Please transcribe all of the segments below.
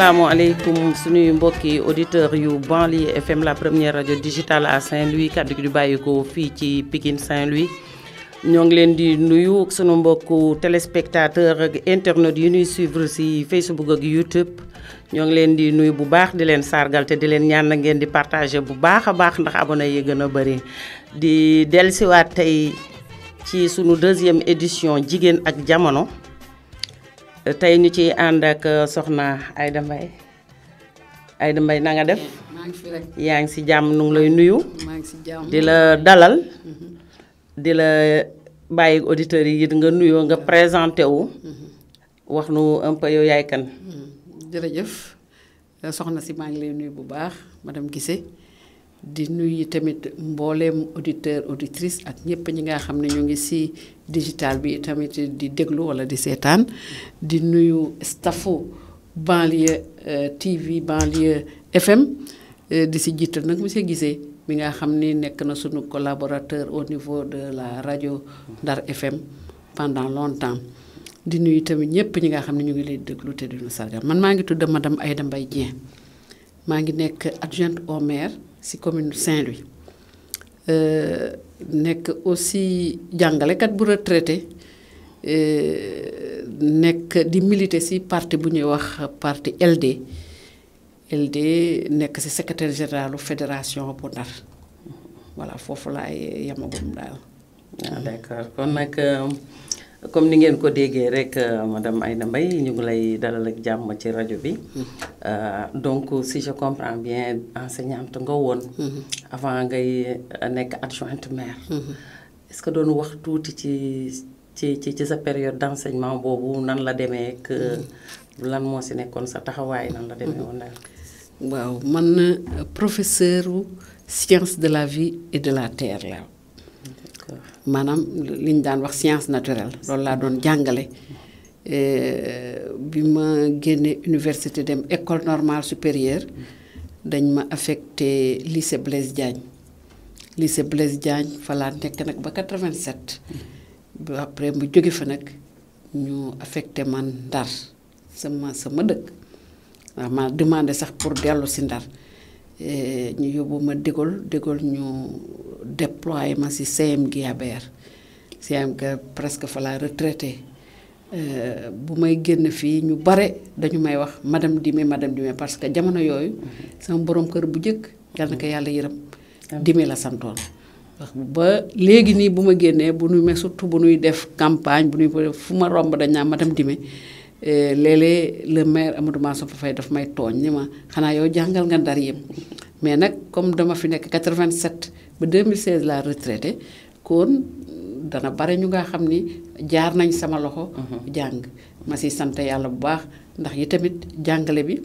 asalaamaaleykum suñuy mbokki auditeurs yu banlieue FM la première rajo digital à Saint-Louis kaddu gi di bàyyeekoo fii ci Pikine Saint-Louis ñoo ngi leen di nuyu ak sunu mbokku téléspectateur ak internet yu ñuy suivre si Facebook ak YouTube ñoo ngi leen di nuyu bu baax di leen sargal te di leen ñaan la ngeen di partager bu baax a baax ndax abonné yi gën a bëri di dellusiwaat tey ci sunu deuxième édition jigéen ak jamono. tey ñu ci ànd ak euh, soxna ay Mbaye Aida Mbaye nanga def yaa ngi si jàmm nu ngi lay nuyu di la dalal mm-hmm. di la bàyyi auditeurs yi it nga nuyoo nga présenté wu mm-hmm. wax nu un peu yaay kan mm-hmm. jërëjëf euh, soxna si maa ngi lay nuyu bu baax ma madame Guissé di nuyu tamit mbooleem auditeur auditrice ak ñëpp ñi nga xam ne ñu ngi si digital bi tamit di déglu wala di seetaan di nuyu staffu banlieue euh, TV banlieue FM euh, di si jiital nag monsieur gisee mi nga xam ni nekk na sunu collaborateur au niveau de la rajo Ndar FM pendant temps di nuyu tamit ñëpp ñi nga xam ne ñu ngi lay déglu te dina sargal man maa ngi tudd madame Aïda Mbaye Dieng maa ngi nekk adjointe au maire. si commune Saint-Louis euh, nekk aussi jàngalekat bu retraité euh, nekk di milité si parti bu ñuy wax parti LD LD nekk si secretaire généralu fédération bu Ndar voilà foofu laay yemagum daal. Ah, kon nag. Euh, comme ni ngeen ko déggee rek euh, madame Aïda Mbaye ñu ngi lay dalal ak jàmm ci rajo bi mm-hmm. euh, donc si je comprends bien enseignante nga woon mm-hmm. avant ngay euh, nekk adjointe maire mm-hmm. est-ce que doon wax tuuti ci ci ci ci sa période d'enseignement boobu nan la demee ak lan moo si nekkoon sa taxawaay nan la demee woon waaw man professeur science de la vie et de la terre la maanaam li ñu daan wax science naturelle loolu laa doon jàngale eh, bi ma génnee université dem école normale supérieure dañ ma affecté lycée Blaise Diagne lycée Blaise Diagne fa laa nekk nag ba 87 ba après mu jóge fa nag ñu affecté man Ndar sama sama dëkk waaw ma demandé sax pour dellu si Ndar Eh, ñu yóbbu ma Dégol Dégol ñu déployé ma si CM Guiabert CM ga presque fa la retraité eh, bu may génn fii ñu bare dañu may wax madame Dime madame Dime parce que jamono yooyu sama borom kër bu njëkk yàlla na ko yàlla yërëm Dime la santoon ba léegi nii bu ma génnee bu nuy mais surtout bu nuy def campagne bu nuy fu ma romb dañ naa madame Dime Eh, léeg-léeg le maire Amadou Mansour Faye daf may tooñ ni ma xanaa yow jàngal nga ndar yëpp mais nag comme dama fi nekk 87 ba 2016 laa retraité kon dana bare ñu nga xam ni jaar nañ sama loxo. Mhm. jàng ma si sant yàlla bu baax ndax yi tamit jàngale bi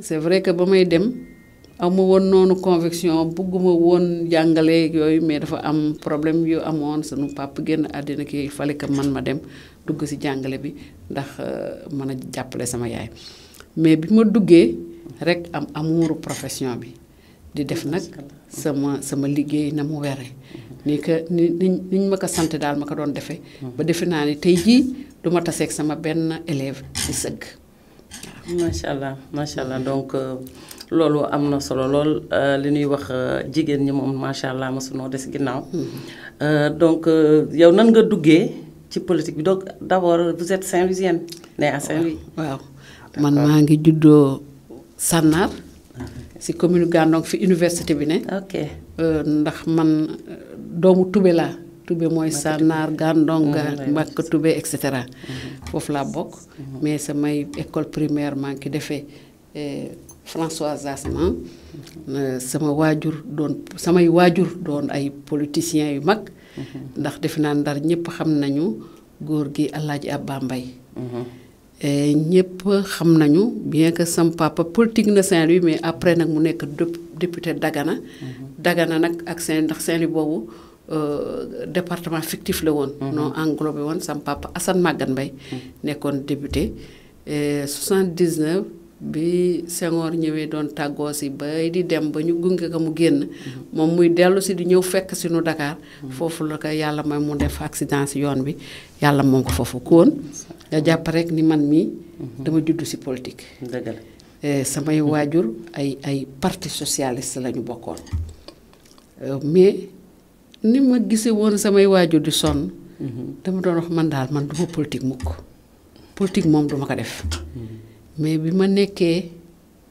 c'est vrai que ba may dem. awma woon noonu conviction bugguma woon jàngale yooyu mais dafa am problème yu amoon sunu papa génn àddina kii fale que man ma dem dugg si jàngale bi ndax euh, mën a jàppale sama yaay mais bi ma duggee rek am amuuru profession bi di def nag sama sama liggéey na mu were ni que ni niñ ma ko sant daal ma ko doon defee ba defe naa ni tey jii du ma taseeg sama benn élève si sëgg macha allah macha allah donc euh, loolu am na solo lool euh, li ñuy wax jigéen ñi moom macha allah mosunoo des ginnaaw mm-hmm. donc yow nan nga duggee ci politique bi donc d' abord vous êtes Saint-Louisienne née à Saint-Louis. waaw man maa ngi juddoo Sànnaar. si ah, commune Gandon fi université bi ne. ok euh, ndax man doomu Toubé laa. Toubé mooy Sànnaar Gandon ah, Mbàkk Toubé et cetera. Mm-hmm. foofu laa bokk. Mm-hmm. mais samay école primaire maa ngi defee eh, François Asman. Mm-hmm. Euh, sama waajur doon samay waajur doon ay politiciens yu mag. ndax defe naa ndar ñëpp xam nañu góor gi ab Abba mbay mhm. eh, ñëpp xam nañu bien que sam papa politique na sen louis mais après nag mu nekk député Dagana mhm. Dagana nag ak Saint ndax Saint-Louis boobu euh, département fictif la woon mhm. noo englobé woon sam assan Assane Maguette nekkoon député eh, bi Senghor ñëwee doon tàggoo si bay di dem ba ñu gunge ko mu génn. moom muy dellusi di ñëw fekk si nu Dakar. foofu la ko yàlla may mu def accident si yoon bi yàlla moom ko foofu koon nga jàpp rek ni man mii. Mhm. dama juddu si politique. dëgg eh, samay waajur ay ay parti socialiste la ñu bokkoon euh, mais ni ma gisee woon samay waajur di sonn. Mhm. dama doon wax man daal man duma politique mukk politique moom duma ko def. Mhm. mais bi ma nekkee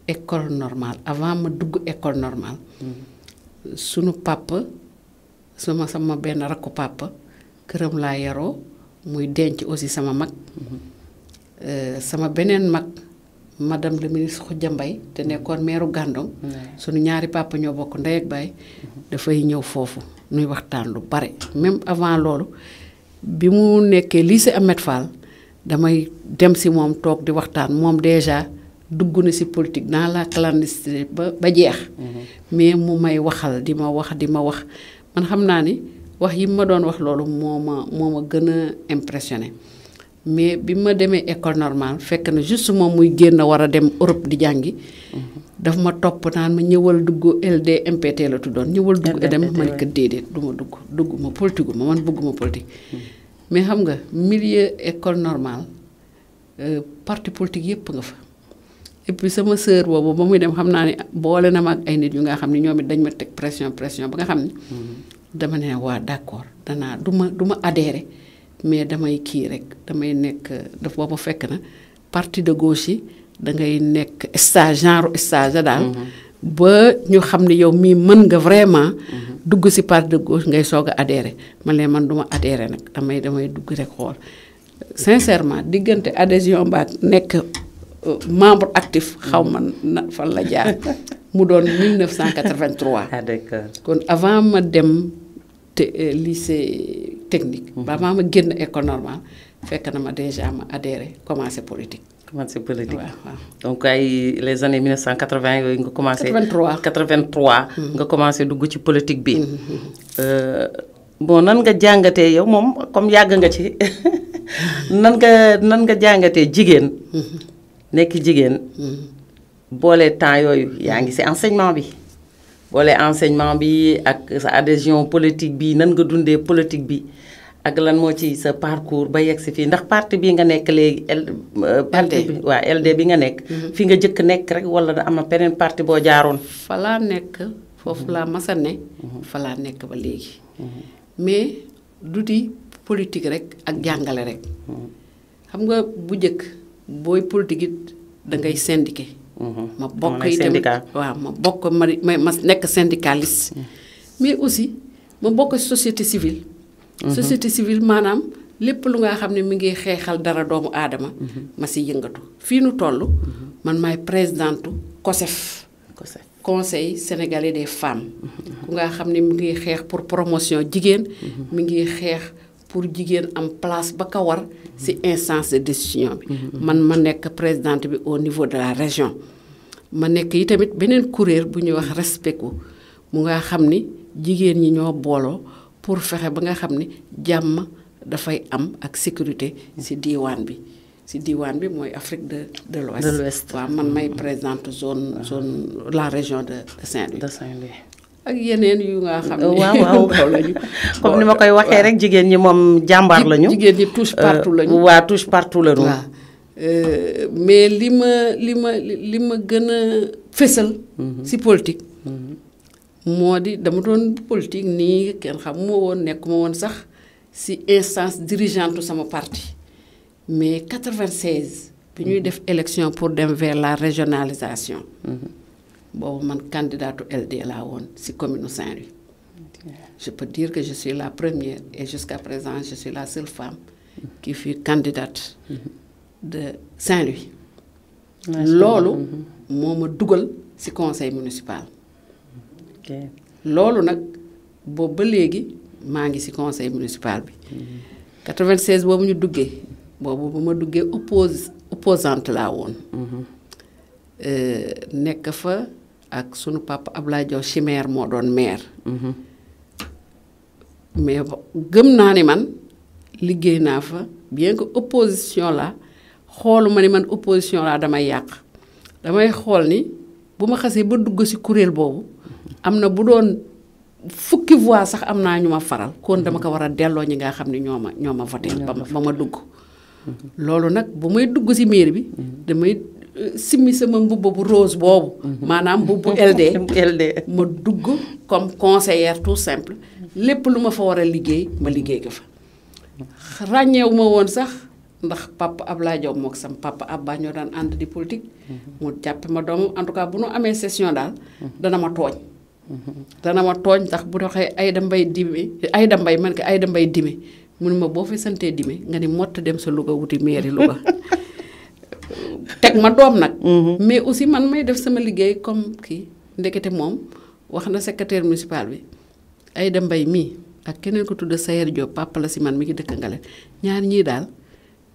école normal avant ma dugg école normal suñu papa sama sama benn rakku papa këram laa yaroo muy denc aussi sama mag euh, sama beneen mag la muy ministre Khoudia mbay te nekkoon meeru Gandon suñu ñaari papa ñoo bokk ndey ak baay dafay ñëw foofu nuy waxtaan lu bare même avant loolu bi mu nekkee lycée Ahmed Fall damay dem si moom toog di waxtaan moom déjà dugg na si politique dans la clandestinité ba ba jeex. Mm-hmm. mais mu may waxal di ma wax di ma wax man xam naa ni wax yi ma doon wax loolu moo ma moo ma gën a impressionné mais bi ma demee école normale fekk na juste moom muy génn war a dem Europe di jàngi. Mm-hmm. daf ma topp naan ma ñëwal dugg LDMPT la tuddoon. ñëwal dugg dem ma ne déedéet du ma dugg dugg ma politique ma man bugguma politique. Mm-hmm. mais xam nga milieu école normale euh, parti politique yëpp nga fa et puis sama sœur boobu ba muy dem xam naa ne boole na ma ak ay nit yu nga xam ni ñoom it dañ ma teg pression pression ba nga xam ne mm-hmm. dama ne waa d'accord danaa du ma du ma mais damay kii rek damay nekk daf booba fekk na parti de gauche yi da ngay nekk stage genre stage daal mm-hmm. ba ñu xam ne yow mii mën nga vraiment mm-hmm. dugg si parti de gauche ngay soog a adhéré man leen man duma ma nag damay damay dugg rek xool sincèrement diggante adesion baak nekk euh, membre actif xaw ma na fan la jaar mu doon 1983. ah d'accord kon avant ma dem te euh, lycée technique. ba mhm. avant ma génn école normale fekk na ma déjà ma adhéré commencé politique. commencé politique donc ay les années 1980 yooyu nga commencé. 83 83. Mm-hmm. nga commencé dugg ci politique bi. Mm-hmm. Euh, bon nan nga jàngatee yow moom comme yàgg nga ci nan nga nan nga jàngatee jigéen. Mm-hmm. nekk jigéen. boole temps yooyu yaa ngi ci enseignement bi. boole enseignement bi ak sa adhésion politique bi nan nga dundee politique bi. ak lan moo ci sa parcours ba yegg si fii ndax parti bi nga nekk léegi L. Euh, parti bi LD bi nga nekk. Mhm. fi nga jëkk nekk rek wala am a beneen parti boo jaaroon. fa laa nekk foofu mhm. laa mas a ne. Mhm. fa nekk ba léegi. mais du di politique rek ak jàngale rek. xam nga bu njëkk booy politique it da ngay syndiqué. ma bokk itam waaw ma bokk ma ma nekk syndicaliste. mais aussi ma bokk société civile. Mm-hmm. société civile maanaam lépp lu nga xam ne mi ngi xeexal dara doomu aadama. Mm-hmm. ma si yëngatu fii nu toll. Mm-hmm. man maay présidentu COSEF. COSEF conseil sénégalais des femmes. ku ngaa xam ni mi ngi xeex pour promotion jigéen. mi ngi xeex pour jigéen am place ba kawar war si instance de décision bi. man ma nekk présidente bi au niveau de la région. ma nekk yi tamit beneen kuréel bu ñuy wax respect ko mu nga xam ni jigéen ñi ñoo booloo. pour fexe ba nga xam ni jàmm dafay am ak sécurité si diiwaan bi si diiwaan bi mooy Afrique de de l'Ouest waaw man may mm. présidente zone zone la région de Saint-Louis ak yeneen yu nga xam ne waaw waaw lañu comme ni ma koy waxee rek jigéen ñi moom jàmbaar lañu jigéen ñi touche euh, partout lañu waa touche partout lañu waaw euh, mais li ma li ma li ma gën a fësal mm-hmm. ci politique mm-hmm. moo di dama doon politique nii kenn xam moo woon nekkuma woon sax si instance dirigeante sama parti mais 96. bi ñuy mm-hmm. def élection pour dem vers la régionalisation. Mm-hmm. boobu man candidatu LD laa woon si commune Saint-Louis. je peux dire que je suis la première et jusqu'à présent je suis la seule femme. qui fut candidate. Mm-hmm. de Saint-Louis. loolu moo ma dugal si conseil municipal. loolu nag boobu ba léegi maa ngi ci conseil municipal bi. 96 mm-hmm. boobu ñu duggee boobu bu ma duggee oppose opposante laa woon. Mm-hmm. Euh, nekk fa ak sunu papa Abdoulaye Diaw Chimère moo doon maire. Mm-hmm. mais gëm naa ne man liggéey naa fa bien que opposition la xooluma ni man opposition laa damay yàq damay xool ni bu ma xasee ba dugg ci kuréel boobu. am na bu doon fukki voix sax am naa ñu ma faral kon dama ko war a delloo ñi nga xam ni ñoo ma ñoo ma voté ba ba ma dugg mhm. loolu nag bu may dugg ci mairie bi mhm. damay euh, simmi sama mbubb bu rose boobu mhm. maanaam mbubb LD LD ma dugg comme conseillère tout simple lépp lu ma fa war a liggéey ma liggéey ko fa ràññeewu ma woon sax ndax papa Ablaye Diop mook sam ab Abba ñoo daan ànd di politique mu jàppe ma doom en tout cas bu nu amee session daal dana ma tooñ dana ma tooñ ndax bu doxee ay mbay Mbaye ay da mbay man ko ay Mbaye Dimi mun ma boo fi santee Dimi nga ni mott dem sa Louga wuti mairie Louga teg ma doom nag mhm. mais aussi man may def sama liggéey comme kii ndekete moom wax na secrétaire municipal bi ay Aïda mbay mii ak keneen ko tudd Sayer Diop papa la si man mi ngi dëkk Ngale ñaar ñii daal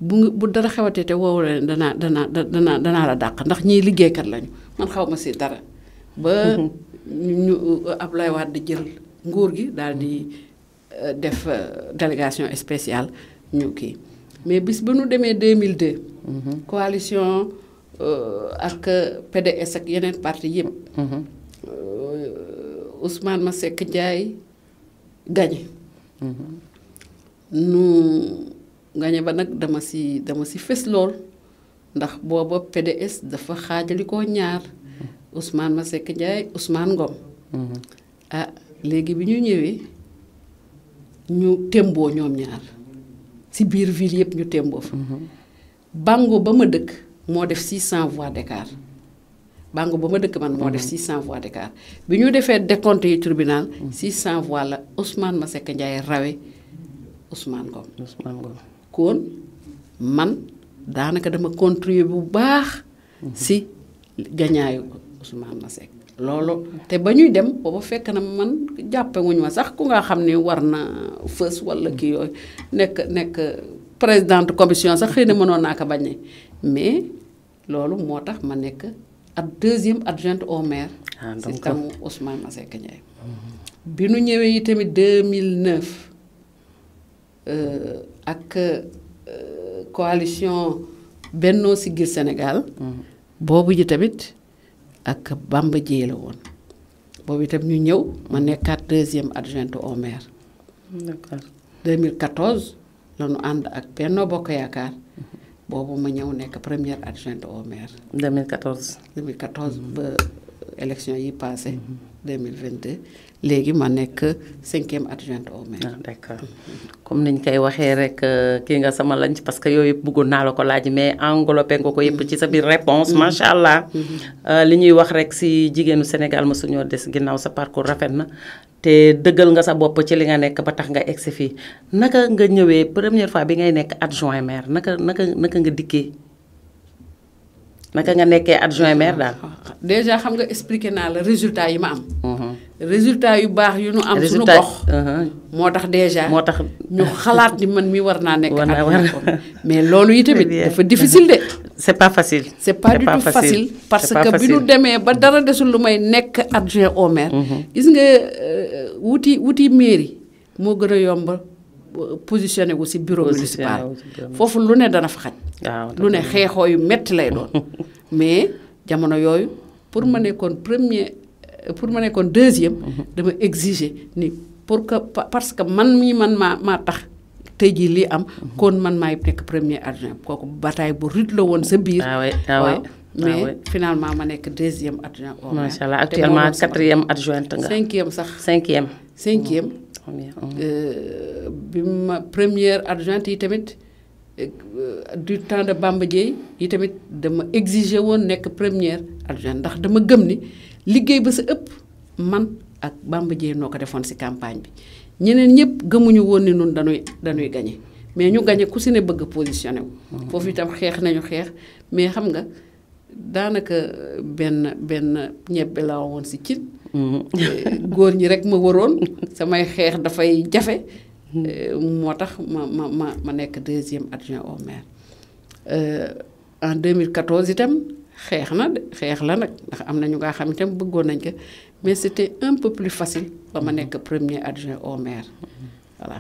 bu bu dara xewatee te woowu la danaa danaa danaa danaa la dàq ndax ñii liggéeykat lañu man xaw ma si dara ñu Abdoulaye Wade jël nguur gi daal di euh, def euh, délégation spéciale ñu kii mais bis ba nu demee 2002. Mhm. coalition euh, ak PDS ak yeneen parti yëpp. Mhm. ma Masseck Ndiaye gañe mhm. nu gañe ba nag dama si dama si fës lool ndax booba PDS dafa xaajali koo ñaar. Ousmane Masseck Ndiaye Ousmane Ngom. Mhm. ah léegi bi ñu ñëwee ñu témboo ñoom ñaar ci biir ville yëpp ñu témboo fa. Mhm. Bango ba ma dëkk moo def si 600 voix d'écart Bango ba ma dëkk man moo def 600 mhm. voix d'écart bi ñu defee décompte yi tribunal. 600 voix la Ousmane Masseck Ndiaye rawe Ousmane Ngom. Ousmane man daanaka dama contribuer bu baax. si gañaayu Ousmane Seck loolu te ba ñuy dem booba fekk na man jàppe wuñ ma sax ku nga xam ne war na fës wala kii yooyu nekk nekk présidente commission sax xëy na mënoon naa ko bañ mais loolu moo tax ma nekk ab deuxième adjointe au maire. ah donc si tamu Ousmane bi nu ñëwee yi tamit 2009 ak euh, coalition Bennoo Siggil Sénégal. Mm-hmm. boobu ji tamit. ak Bamba Dieye woon boobu itam ñu ñëw ma nekkaat deuxième adjointe au maire. d'accord 2014 la nu ànd ak Benno Bokk Yaakaar boobu ma ñëw nekk première adjointe au maire. 2014. 2014 ba élection yi passé 2022. Mhm. léegi ma nekk cinquième adjointe au maire. Ah, d'accord comme niñ koy waxee rek euh, kii nga sama lañ parce que yooyu yëpp bëggoon naa la ko laaj mais englobé nga ko yëpp ci sa biir réponse mm-hmm. macha allah. Mm-hmm. Mm-hmm. Euh, li ñuy wax rek si jigéenu Sénégal ma suñoo des ginnaaw sa parcours rafet na. te dëggal nga sa bopp ci li nga nekk ba tax nga si fii naka nga ñëwee première fois bi ngay nekk adjoint maire naka naka naka nga dikkee. naka nga nekkee adjoint maire daal. déjà xam nga expliqué naa la résultat yi ma am. Mm. résultat yu baax yu nu am. suñu gox uh-huh. moo tax déjà. moo tax ñu xalaat ni man mi war naa nekk. war naa war mais loolu yi tamit dafa difficile de. c'est pas facile. c'est pas du tout facile que bi nu demee ba dara desul lu may nekk adjoint au maire. Mm-hmm. gis nga euh, wuti wuti mairie moo gën a yomb positionné wu si bureau municipal. foofu lu ne dana fa xaj. lu ne xeexoo yu metti lay doon mais jamono yooyu pour ma nekkoon premier. pour ma nekkoon deuxième. dama exiger ni pour que parce que man mii man maa maa tax. tey jii lii am. kon man maay nekk premier adjoint kooku bataille bu rude la woon sa biir. Ah ah waaw mais ah finalement ma nekk deuxième adjoint. Oh, macha allah actuellement quatrième adjointe nga. cinquième sax cinquième. cinquième. Mmh. Mmh. Euh, bi ma première adjointe yi tamit euh, du temps de Bamba Dieye yi tamit dama exiger woon nekk première adjointe ndax dama gëm ni. liggéey ba sa ëpp man ak Bamba Dieng noo ko defoon si campagne bi ñeneen ñëpp gëmuñu woon ni nun dañuy dañuy gañe mais ñu gañe ku si ne bëgg a positionné wu. Mm-hmm. foofu itam xeex nañu xeex mais xam nga daanaka benn benn ñebbe laa woon si cin. Mm-hmm. Eh, góor ñi rek ma waroon samay xeex dafay jafe. Mm-hmm. Eh, moo tax ma ma ma ma nekk deuxième adjoint au maire eh, en 2014 itam. xeex na de xeex la nag ndax am na ñu nga xam itam bëggoon nañ ko mais c'était un peu plus facile ba ma nekk premier adjoint au maire voilà.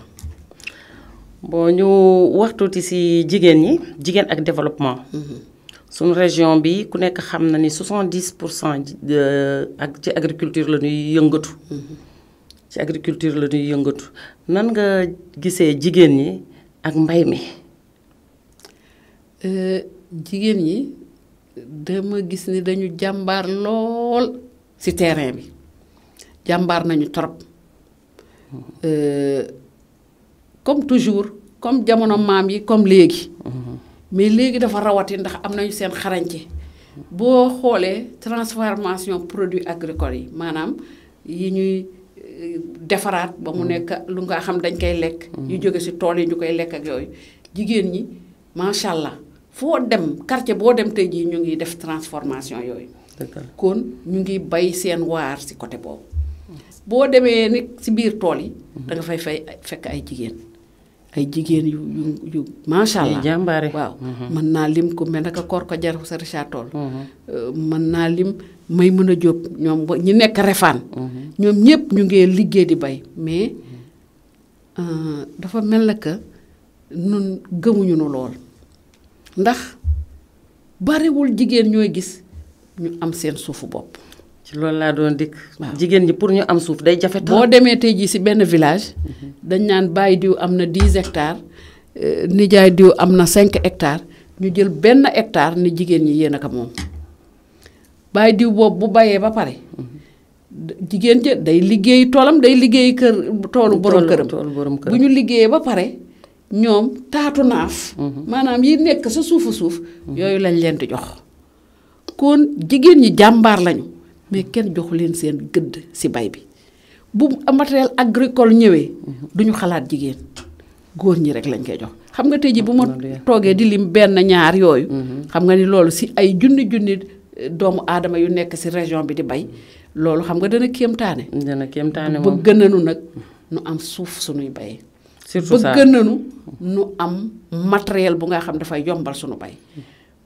bon ñu wax tuuti ci jigéen ñi jigéen ak développement. Mhm. suñu région bi ku nekk xam na ni 70 pour cent ak ci agriculture la ñuy yëngatu. Mhm. ci agriculture la ñuy yëngatu nan nga gisee jigéen ñi ak mbay mi. Euh, jigéen ñi. dama gis ni dañu jàmbaar lool ci terrain bi jàmbaar nañu trop mm-hmm. euh, comme toujours comme jamono maam yi comme léegi mm-hmm. mais léegi dafa rawati ndax am nañu seen xarañte boo xoolee transformation produit agricole yi maanaam yi ñuy euh, defaraat ba mu mm-hmm. nekk lu ngaa xam dañ koy lekk yu jóge ci tool yi ñu koy lekk ak yooyu jigéen ñi macha allah. foo dem quartier boo dem tey jii ñu ngi def transformation yooyu. kon ñu ngi bay seen waar si côté boobu. boo demee nit si biir tool yi. Mhm. da nga fay fay fekk ay jigéen. ay jigéen yu yu yu macha allah jàmbaare waaw. Mhm. mën naa lim ko mel naka koor ko jar sa Richard Toll. Mhm. Euh, mën naa lim may mun a jóob ñoom ba ñu nekk refaan. ñoom ñëpp ñu ngi liggéey di bay mais euh, dafa mel na que nun gëmuñu nu lool. ndax bariwul jigéen ñooy gis ñu am seen suufu bopp. ci loolu laa doon dikk. jigéen ñi pour ñu am suuf day jafe. boo demee tey jii si benn village. Mhm. dañ naan bàyyi diw am na 10 hectares euh, nijaay diw am na cinq hectares ñu jël benn hectare ni jigéen ñi yéen a ko moom bàyyi diw boobu bu bayee ba pare. Mhm. jigéen ja day liggéey toolam day liggéey kër toolu borom këram bu ñu liggéeyee ba pare. ñoom taatu naaf. Mhm. maanaam yi nekk sa suufu suuf. Mhm. yooyu lañ leen di jox. kon jigéen ñi jàmbaar lañu mais kenn joxu leen seen gëdd ci bay bi bu matériel agricole ñëwee mhm. duñu xalaat jigéen góor ñi rek lañ koy jox. xam nga tey ji bu ma toogee di lim benn ñaar yooyu. xam nga ni loolu ci ay junni junni eh, doomu aadama yu nekk ci région bi di bay loolu xam nga dana kéemtaane. dana kéemtaane moom bëgg nañu nag nu am suuf suñuy bay. surtout ça bëgg nañu nu am matériel bu nga xam dafay yombal suñu bay.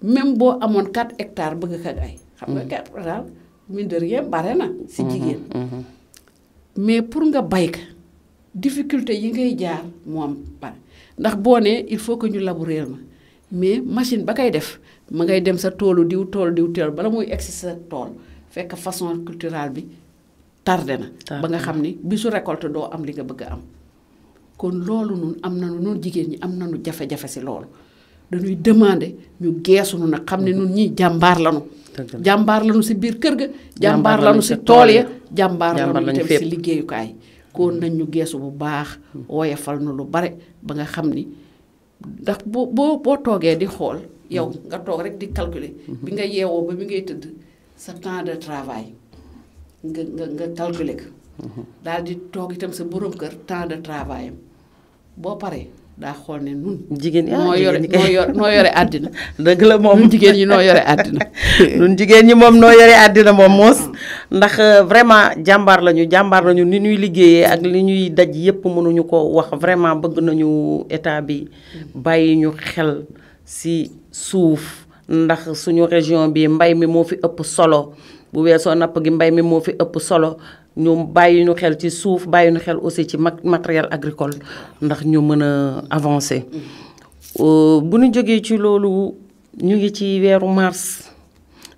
même boo amoon 4 hectares bëgg ka ay. xam nga 4 mm-hmm. hectares mine de bare na. si mm-hmm. jigéen. Mm-hmm. mais pour nga bay ka difficulté yi ngay jaar moom am bare ndax boo nee il faut que ñu labourer ma mais machine ba kay def ma ngay dem sa toolu diw toolu diw tool bala muy egsi sa tool fekk façon culturelle bi tardé na. ba nga xam ni bisu récolte doo am li nga bëgg a am. kon loolu nun am nañu nun jigéen ñi am nañu jafe-jafe si loolu dañuy demander ñu geesunu nag xam ne nun ñii jàmbaar lañu jàmbaar lañu si biir kër ga jàmbaar lañu si tool ya jàmbaar lañu itam si liggéeyukaay kon nañ ñu geesu bu baax woyefal nu lu bare ba nga xam ni ndax boo boo boo toogee di xool yow mm-hmm. nga toog rek di calculer mm-hmm. bi nga yeewoo ba bi ngay tëdd sa temps de travail nga nga nga calculer ko mm-hmm. daal di toog itam sa borom kër temps de travail boo paree daa xool ni nun jigéen ah noo yore yore àddina. dëgg la moom nun jigéen ñi noo yore àddina. nun jigéen ñi moom noo yore àddina moom moos. ndax euh, vraiment jàmbaar lañu jàmbaar lañu ni ñuy liggéeyee ak li ñuy daj yépp mënuñu ko wax vraiment bëgg nañu état bi bàyyi ñu xel ci suuf. ndax suñu région bi mbay mi moo fi ëpp solo bu weesoo napp gi mbay mi moo fi ëpp solo ñu bàyyi ñu xel ci suuf bàyyi ñu xel aussi ci matériel agricole ndax ñu mën a avancer. Euh, bu ñu jógee ci loolu ñu ngi ci weeru mars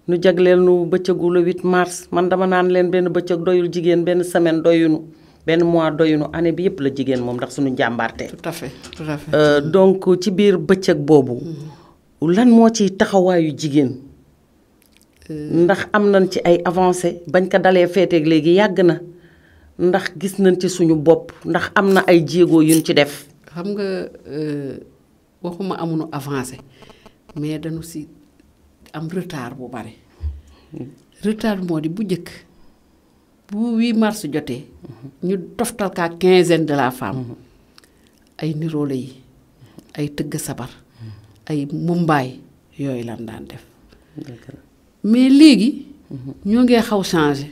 ñu jagleel nu bëccëgu le 8 mars man dama naan leen benn bëccëg doyul jigéen benn semaine doyunu benn mois doyunu année bi yëpp la jigéen moom ndax suñu jàmbaarte. tout euh, donc ci biir bëccëg boobu. Mm-hmm. lan moo ci taxawaayu jigéen. ndax am nañ ci ay avancé bañ ko dalee feeteeg léegi yàgg na ndax gis nañ ci suñu bopp ndax am na ay jéego yuñ ci def. xam nga euh, waxuma amuñu avancé mais dañu si am retard bu bari retard moo di bu njëkk bu 8 mars jotee ñu toftal kaa quinzaine de la femme ay niroole yi ay tëgg sabar ay mumbaay yooyu lan daan def mais léegi ñoo ngi xaw changé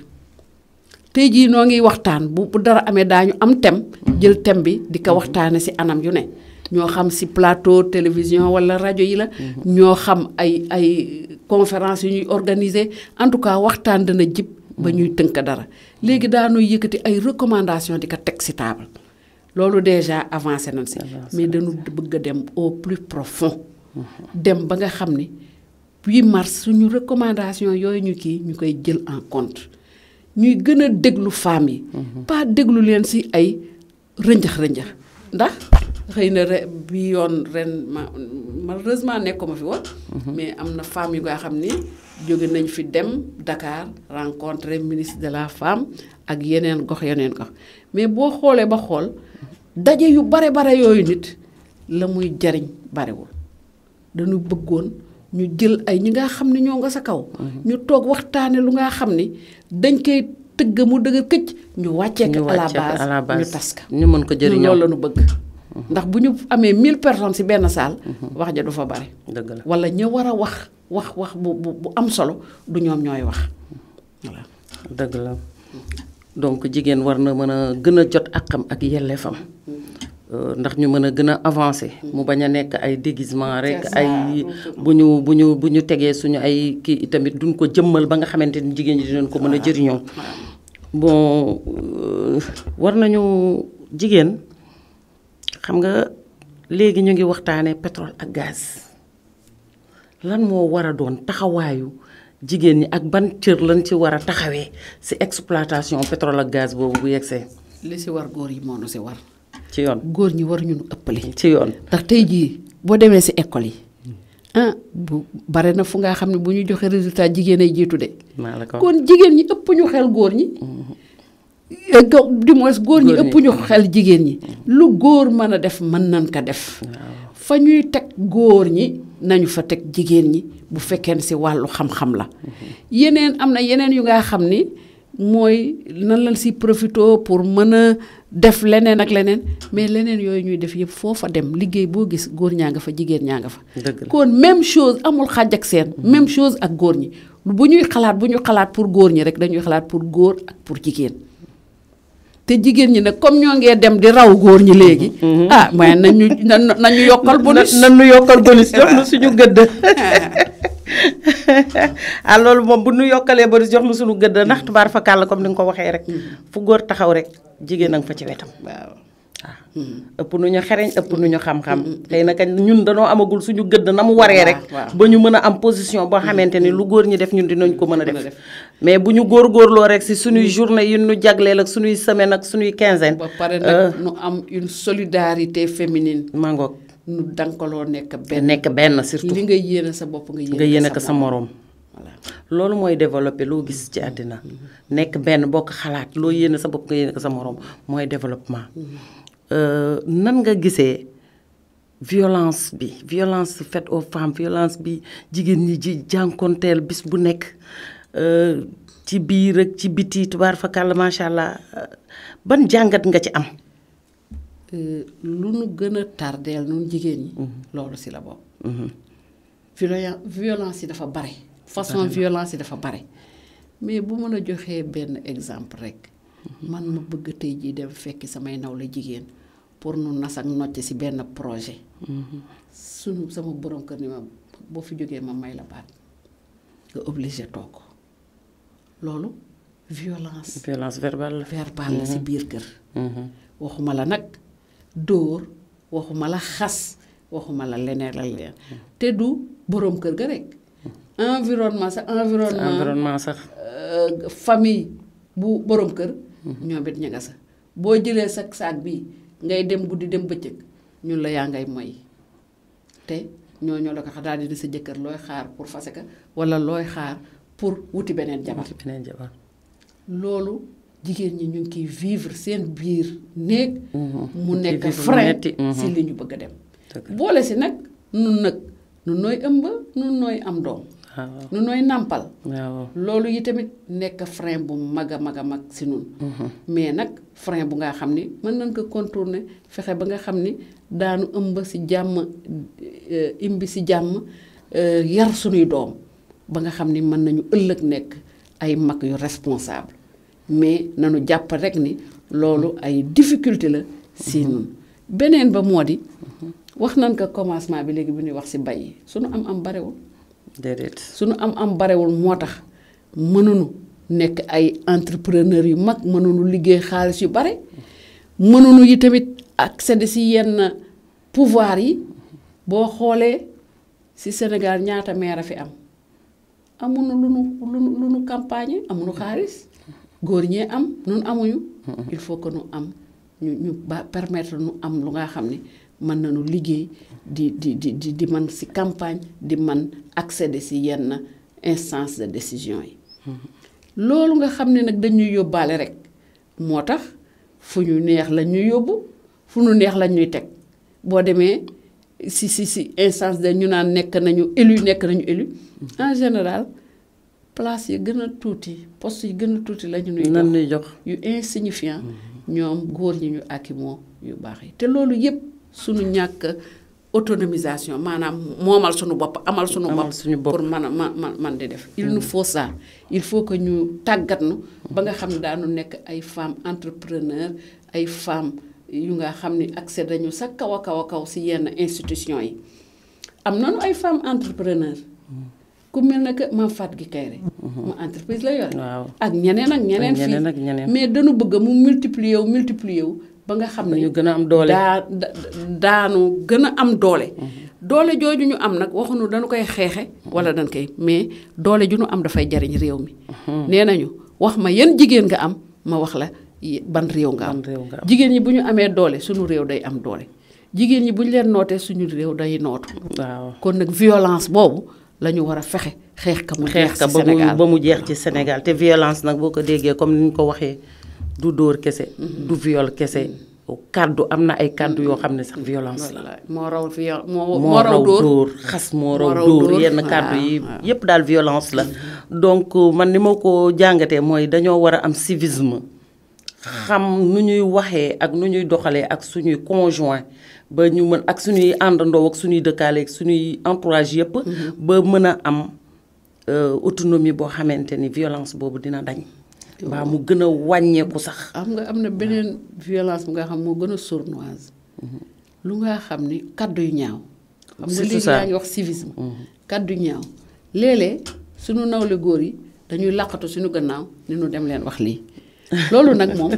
tey jii noo ngi waxtaan bu dara amee daañu am thème jël thème bi di ko waxtaane ci anam yu ne ñoo xam si plateau télévision walla rajo yi la mhm. ñoo xam ay ay conférence yu ñuy organiser en tout cas waxtaan dana jib ba ñuy mhm. tënk dara léegi daanoo yëkkati ay recommandation di ko teg ci table loolu déjà avancé nañ ci mais dañu bëgg a dem au plus profond mhm. dem ba nga xam ni 8 mars suñu recommandation yooyu ñu kii ñu koy jël en compte ñuy gën a déglu femmes yi. Mhm. déglu leen si ay rënjax rënjax ndax xëy na re bi yoon ren ma malheureusement nekkuma fi wax mhm. mais am na femme yu nga xam ni jóge nañu fi dem dakaar rencontrer ministre de la femme ak yeneen gox yeneen gox mais boo xoolee ba xool daje yu bare bare yooyu nit la muy jariñ barewul dañu bëggoon. ñu jël ay ñi nga xam ne ñoo nga sa kaw. Mhm. ñu toog waxtaane lu nga xam ni dañ koy tëgg mu dëgër këcc. ñu wàccee ko à la base ñu tas ñu mën ko jëriñoo loolu la ñu bëgg. Mhm. ndax bu ñu amee mille personnes si benn saal. Mhm. wax ja du fa bari. dëgg la wala ñu war a wax wax wax bu bu am solo du ñoom ñooy wax voilà. dëgg la donc jigéen war na mën a gën a jot àqam ak yelleefam. Euh, ndax ñu mën a gën a avancer mu bañ a nekk ay déguisement rek ay bu ñu bu ñu bu ñu tegee suñu ay kii itamit duñ ko jëmmal ba nga xamante ni jigéen ñi dinañ ko mën a jëriñoo bon euh, war nañu jigéen xam nga léegi ñu ngi waxtaanee pétrole ak gaz lan moo war a doon taxawaayu jigéen ñi ak ban cër lañ ci war a taxawee ci exploitation pétrole ak gaz boobu bu yegsee li ci war góor yi moo nu ci ci yoon góor ñi waruñu nu ëppale. ci yoon ndax tey jii boo demee si école yi. ah bu bare na fu ngaa xam ne bu ñu joxee résultat jigéen ay jiitu de. kon jigéen ñi ëpp ñu xel góor ñi. Eh, du moins góor ñi ëpp ñu xel jigéen ñi. lu góor mën a def mën nañ ko def. fa ñuy teg góor ñi nañu fa teg jigéen ñi bu fekkee ne si wàllu xam-xam la. Mm-hmm. yeneen am na yeneen yu nga xam ni. mooy nan lañ si profito pour mën a def leneen ak leneen mais leneen yooyu ñuy def yëpp foofa dem liggéey boo gis góor ñaa nga fa jigéen ñaa nga fa. kon même chose amul xàjj ak seen. Mm-hmm. même chose ak góor ñi bu ñuy xalaat bu ñu xalaat pour góor ñi rek dañuy xalaat pour góor ak pour jigéen. te jigéen ñi nag comme ñoo ngee dem di raw góor ñi léegi. Mm-hmm. ah mais nañu nañu yokkal na nañu yokkal bonus jox suñu gëdd. ah loolu moom bu nu yokkalee ba jox nu sunu gëdd ndax mm. tubaar fa kàll comme ni nga ko waxee rek. Mm. fu góor taxaw rek jigéen a nga fa ci wetam. waaw ah. mm. ëpp nu ñu xereñ ëpp nu ñu xam-xam. xëy na kañ ñun danoo amagul suñu gëdd na mu waree rek. ba ñu mën a am position boo xamante ni lu góor ñi def ñun dinañ ko mën a def. mais bu ñu góor góorloo rek si suñuy journée yu ñu jagleel ak suñuy semaine ak suñuy quinzaine. ba pare nag euh, am une solidarité féminine. mangoog. nu dankaloo nekk benn. nekk benn surtout ngay yéene sa bopp nga. yéene nga ko sa moroom. loolu mooy développé loo gis ci àddina. Mm-hmm. nekk benn bokk xalaat loo yéene sa bopp nga yéene ko sa moroom mooy développement. Mm-hmm. Euh, nan nga gisee violence bi violence faite aux femmes violence bi jigéen ñi ji jànkonteel bis bu nekk euh, ci biir ak ci biti tubaar fakàlla macha allah euh, ban jàngat nga ci am. lu nu gën a tardeel nun jigéen ñi. Mhm. loolu si la bokk. Mhm. violence yi dafa bare. façon violence yi dafa bare. mais bu mën a joxee benn exemple rek. Mhm. man ma bëgg tey jii dem fekki samay naw la jigéen pour nu nas ak si benn projet. sunu sama borom kër ni ma boo fi jógee ma may la baat nga obligé toog loolu. violence violence verbale la si biir kër. waxuma la nag. dóor waxuma la xas waxuma la leneen la leneen te du boroom kër ga rek environnement sax environnement sax euh, famille bu boroom kër ñoom it ña nga boo jëlee sa saag bii ngay dem guddi dem bëccëg ñun la yaa ngay moy te ñoo ñoo la ko daal di sa jëkkër looy xaar pour fase ka walla looy xaar pour wuti beneen jabar beneen jabar loolu jigéen ñi ñu ngi kiy vivre seen biir néeg mhm. mu nekk frein mhm. si li ñu bëgg a dem boole si nag nun nag nun nooy ëmba nun nooy am doom nun nooy nàmpal loolu yi tamit nekk frein bu mag a mag a mag si nun mhm. mais nag frain bu nga xam ni mën nañ ko contourner fexe ba nga xam ni daanu ëmb si jàmm euh, imbi si jàmm euh, yar sunuy doom ba nga xam ni mën nañu ëllëg nekk ay mag yu responsable mais nanu jàpp rek ni loolu ay difficulté la si mhm. beneen ba moo di wax nan ko commencement bi léegi bu ñuy wax si bay yi suñu am am barewul déedéet suñu am am barewul moo tax mënuñu nekk ay entrepreneur yu mag mënuñu liggéey xaalis yu bare mënuñu yi tamit ak accéder si yenn pouvoir yi boo xoolee si Sénégal ñaata meer a fi am amuñu lu nu lu nu campagne amuñu xaalis góor ñee am nun amuñu. il faut que nu am ñu ñu ba nu am lu nga xam ne mën nañu liggéey di di di di di man ci campagne di man accéder ci yenn instance de décision yi. Mm-hmm. loolu nga xam ne nag dañuy yóbbaale rek moo tax fu ñu neex la ñuy yóbbu fu ñu neex la ñuy teg boo demee ci ci ci instance de ñu naan nekk nañu élu nekk nañu élu en général. place yi gën a tuuti poste yi gën a tuuti la ñu nuy nan nuy jox yu insignifiant mhm. ñoom góor ñi ñu ak moo yu baax yi te loolu yëpp suñu ñàkk autonomisation maanaam moomal suñu bopp amal suñu bopp pour man a man man man di def il nous mhm. faut il faut que ñu tàggat nu mhm. ba nga xam ne daanu nekk ay femmes entrepreneur ay femmes yu nga xam ni accès dañu sa kaw a kaw a kaw si yenn institution yi am nañu ay femmes entrepreneur ku mel na que maam Faat gi Kayre. Mhm. ma entreprise la yore. ak ñeneen ak ñeneen. ak ñeneen mais danu bëgg mu multiplier wu multiplier wu. ba nga xam ne ñu gën am doole daa daanu gën a am doole. Mhm. doole jooju ñu am nag waxuñu dañu koy xeexe. Mhm. wala dañ koy mais doole ju nu am dafay jariñ réew mi. nee nañu wax ma yan jigéen nga am ma wax la ban réew nga am. jigéen ñi bu ñu amee doole suñu réew day am doole. jigéen ñi bu ñu leen nootee suñu réew day nootu. kon nag violence boobu. la ñu war a fexe xeex ka mu jeex ci ba mu jeex ci Sénégal te violence nag boo ko déggee comme ni ñu ko waxee du dóor kese mm-hmm. du viol kese kàddu mm-hmm. am na ay kàddu yoo xam ne sax violence la moo raw dóor xas moo raw dóor yenn kàddu yi yépp daal violence la mm-hmm. donc euh, man ni ma ko jàngatee mooy dañoo war a am civisme xam nu ñuy waxee ak nu ñuy doxalee ak suñuy conjoint ba ñu mën ak suñuy àndandoo ak suñuy dëkkaalee suñuy entourage yëpp. ba mën a am euh, autonomie boo xamante ni violence boobu dina dañ. waa mu gën a wàññeeku sax. am nga am na beneen violence bu nga xam moo gën a sournoise. lu nga xam ni kaddu yu ñaaw. am nga léegi yaa ngi wax civisme. Mm-hmm. kaddu ñaaw léeg-léeg suñu nawle góor yi dañuy làqatu suñu gannaaw ni ñu dem leen wax lii. loolu nag moom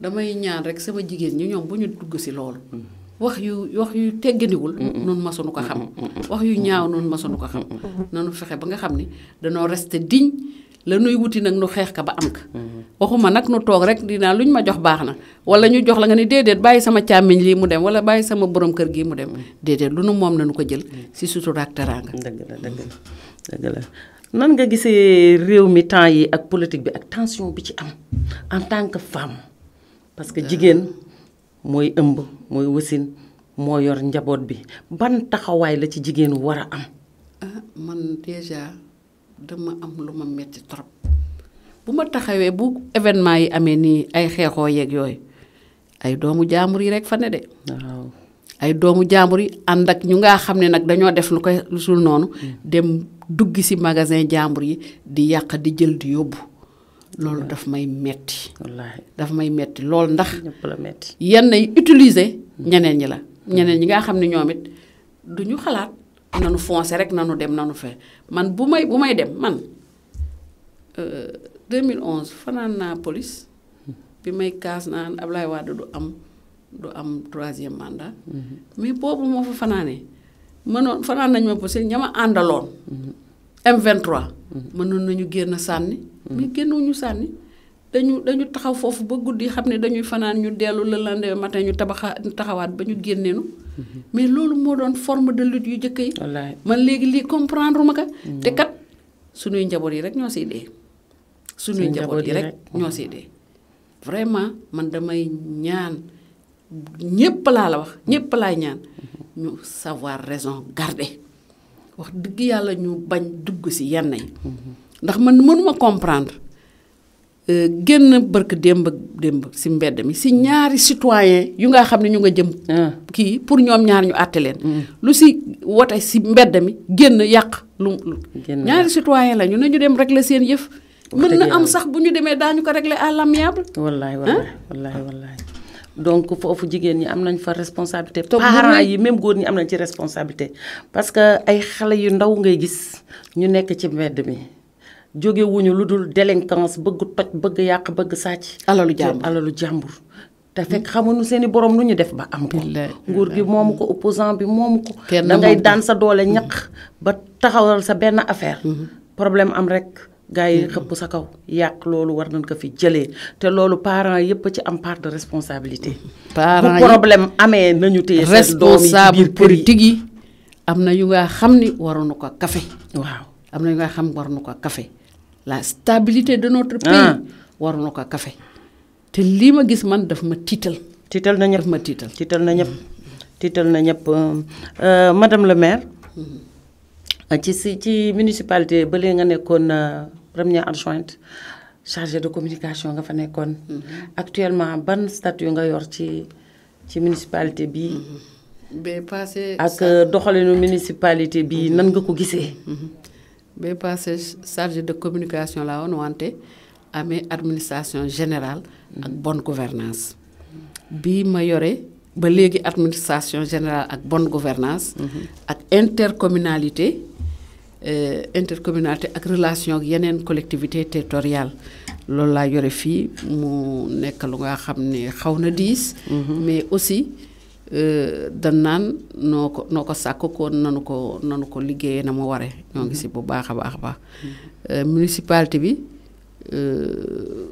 damay ñaan rek sama jigéen ñi ñoom bu ñu dugg si loolu. Mm-hmm. wax yu wax yu tegganiwul noonu masunu ko xam wax yu ñaaw noonu masunu ko xam nu fexe ba nga xam ni danoo reste digne la nuy wuti nag nu xeex ka ba am ka waxuma nag nu toog rek dinaa ñu ma jox baax na wala ñu jox la nga ni déedéet bàyyi sama càmmiñ lii mu dem wala bàyyi sama borom kër gii mu dem déedéet lu nu moom nanu ko jël si sutura ak teraanga dëgg la nan nga gisee réew mi temps yi ak politique bi ak tension bi ci am en tant que femme parce que euh, jigéen mooy ëmb mooy wasin moo yor njaboot bi ban taxawaay la ci jigéen war a am. Ah, man déjà dama am lu ma metti trop bu ma taxawee bu événement yi amee nii ay xeexoo yeeg yooyu ay doomu jaambur yi rek fa ne de. waaw ay doomu jaambur yi ànd ak ñu nga xam ne nag dañoo def lu koy lu sul noonu. Mm. dem dugg ci magasin jaambur yi di yàq di jël di yóbbu. loolu dafa may metti dafa may metti lool ndax yenn yi utiliser mm. ñeneen ñi la mm. ñeneen ñi nga xam ne ñoomit du ñu xalaat nu foncé rek nanu dem nanu fe man bu may bu may dem man 2011 euh, fanaan naa police mm. bi may kaas naan Ablaye Wade du am du am troisième mandat mm-hmm. mais boobu moo fa fanaanee mënoon fanaan nañ ma posé ña ma àndaloon M23 mm-hmm. mm-hmm. mënoon nañu génn sànni wu ñu sànni dañu dañu taxaw foofu ba guddi xam ne dañuy fanaan ñu dellu le lendemain matin ñu tabaxa taxawaat ba ñu génneenu mm-hmm. mais loolu moo doon forme de lutte yu njëkk yi. man léegi lii comprendre ma ka mm-hmm. te kat suñuy njaboot yi rek ñoo siy dee. suñuy njaboot yi rek ñoo siy dee. vraiment man damay ñaan ñépp laa la wax ñépp laay ñaan mm-hmm. ñu savoir raison garder wax dëgg yàlla ñu bañ dugg ci yenn yi. ndax man mënuma comprendre euh, génn barke démb démb si mbedd mi si ñaari citoyen yu nga xam ne ñu nga jëm. Ah. kii pour ñoom ñaar ñu àtte leen. Mm. lu si wote si mbedd mi génn yàq lu. ñaari citoyen la ñu ne ñu dem régler seen yëf. mën na am sax bu ñu demee daañu ko régler à l'amiable. wallaay wallaay wallaay donc foofu jigéen ñi am nañ fa responsabilité. parents yi même góor ñi am nañ ci responsabilité. parce que ay xale yu ndaw ngay gis ñu nekk ci mbedd mi. jógewuñu lu dul délinquance bëgg toj bëgg yàq bëgg sàcc. alalu jàmbur jàmbur. te fekk xamuñu seen i borom lu ñu def ba am ko. nguur gi moomu ko opposant bi moomu ko. da ngay daan sa doole ñaq ba taxawal sa benn affaire. Mhm. problème am rek. gaa yi mhm. xëpp sa kaw yàq loolu war nañ ko fi jëlee te loolu parent yëpp ci am part de responsabilité. Mhm. parents yi bu problème amee nañu téye seen doom yi responsable politique yi am na yu nga xam ni waruñu ko kafe. waaw am na yu nga xam war waruñu ko kafe. la stabilité de notre pays. Ah. war na ko kafe te lii ma gis man daf ma tiital. tiital na ñëpp daf ma tiital. na ñëpp tiital na ñëpp euh, madame le maire. Mm-hmm. ci si ci municipalité ba léegi nga nekkoon euh, première adjointe chargée de communication nga fa nekkoon. Mm-hmm. actuellement ban statut nga yor ci ci municipalité bii. Mm-hmm. ba passé ak euh, doxalinu municipalité bi nan nga ko gisee. bay passé chargé de communication laa wan wante amee administration général ak mm. bonne gouvernance bi ma yore ba léegi administration général ak bon gouvernance mm-hmm. ak intercommunalité euh, intercommunalité ak relation ak yeneen collectivité territoriale loolu laa yore fii mu nekk lu nga xam ne xaw na diis mm-hmm. mais aussi Euh, dan naan noo ko noo ko sàkk ko nanu ko nanu ko liggéeyee na mu waree ñoo ngi si bu baax a baax a baax euh, municipalité bi euh,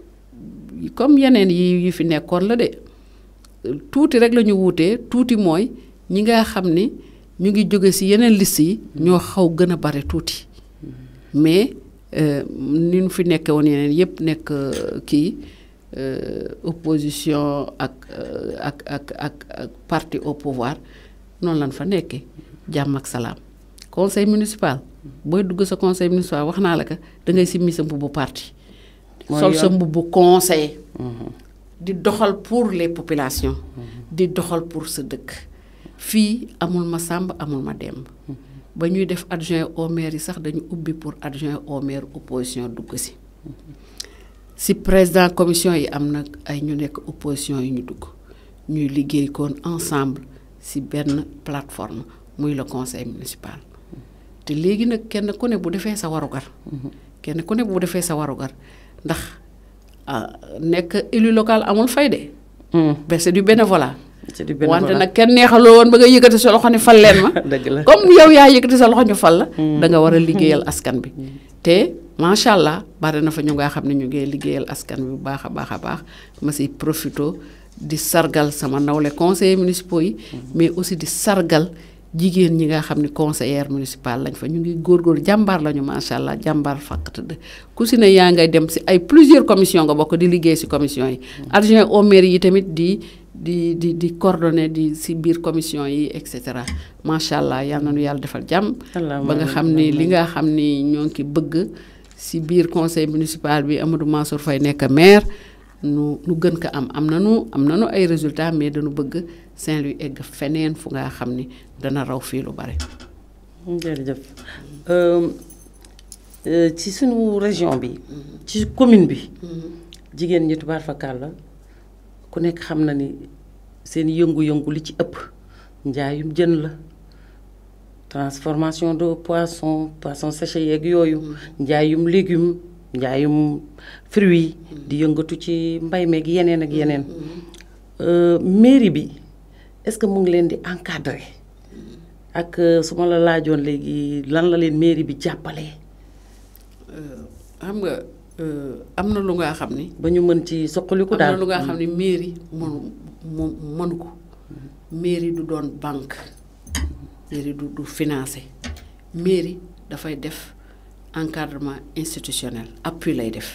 comme yeneen yi yu fi nekkoon la de tuuti rek lañu ñu wuutee tuuti mooy ñi nga xam ni ñu ngi jóge si yeneen list yi ñoo xaw gën a bare tuuti mais ni ñu fi nekkee woon yeneen yëpp nekk kii Euh, opposition ak euh, ak ak ak ak parti au pouvoir noonu lañ fa nekkee jàmm ak salaam conseil municipal booy dugg sa conseil municipal wax naa la ka da ngay simmi sa mbubbu parti sol sa mbubbu conseil mhm. di doxal pour les populations mhm. di doxal pour sa dëkk fii amul ma sàmb amul ma demb mhm. ba ñuy def adjoint au maire yi sax dañu ubbi pour adjoint au maire opposition dugg si si président commission yi am nag ay ñu nekk opposition yu ñu dugg ñuy liggéey koon ensemble si benn plateforme muy la conseil municipal te léegi nag kenn ku ne bu defee sa warugar kenn ku ne bu defee sa warugar ndax ah, nekk élu local amul fay de benn c'est du bénévolat wante nag kenn neexaloo woon ba nga yëkkati sa loxo ni fal leen ma comme yow yaa yëkkati sa loxo ñu fal la hmm. da nga war a liggéeyal askan bi hmm. te macha allah bari na fa ñu ngaa xam ne ñu ngi liggéeyal askan bi bu baax a baax a baax ma si profito di sargal sama nawle conseillers municipaux yi. mais aussi di sargal jigéen ñi nga xam ne conseillère municipale lañ fa ñu ngi góor jàmbaar lañu macha allah jàmbaar fàq tëdd ku yaa ngay dem si ay plusieurs commission nga bokk di liggéey si commission yi. adjoint au yi tamit di. di di di coordonné di si biir commission yi et cetera macha allah yal na yàlla defal jàmm. ba nga xam ni li nga xam ni ñoo ngi ki bëgg. si biir conseil municipal bi Amadou Mansour Faye nekk maire nu nu gën ko am am nanu am nanu ay résultats mais dañu bëgg Saint-Louis egg feneen fu nga xam ni dana raw fii lu bare. jërëjëf euh, euh, ci sunu région bi. ci commune bi. jigéen ñi tubaar fakal la ku nekk xam na ni seen yëngu-yëngu li ci ëpp njaayum jën la. transformation de poisson poisson séché yeeg yooyu njaayum légumes njaayum fruits di yëngatu ci mbay meeg yeneen ak yeneen euh, mairie bi est-ce que mu ngi leen di encadrer ak euh, su ma la laajoon léegi lan la leen mairie bi jàppalee euh, xam nga am na lu nga xam ni ba ñu mën ci soqaliku daal am na lu nga xam ni mairie mënu mënu ko mm-hmm. mairie du doon banque mairie du du financer mairie dafay def encadrement institutionnel appui lay def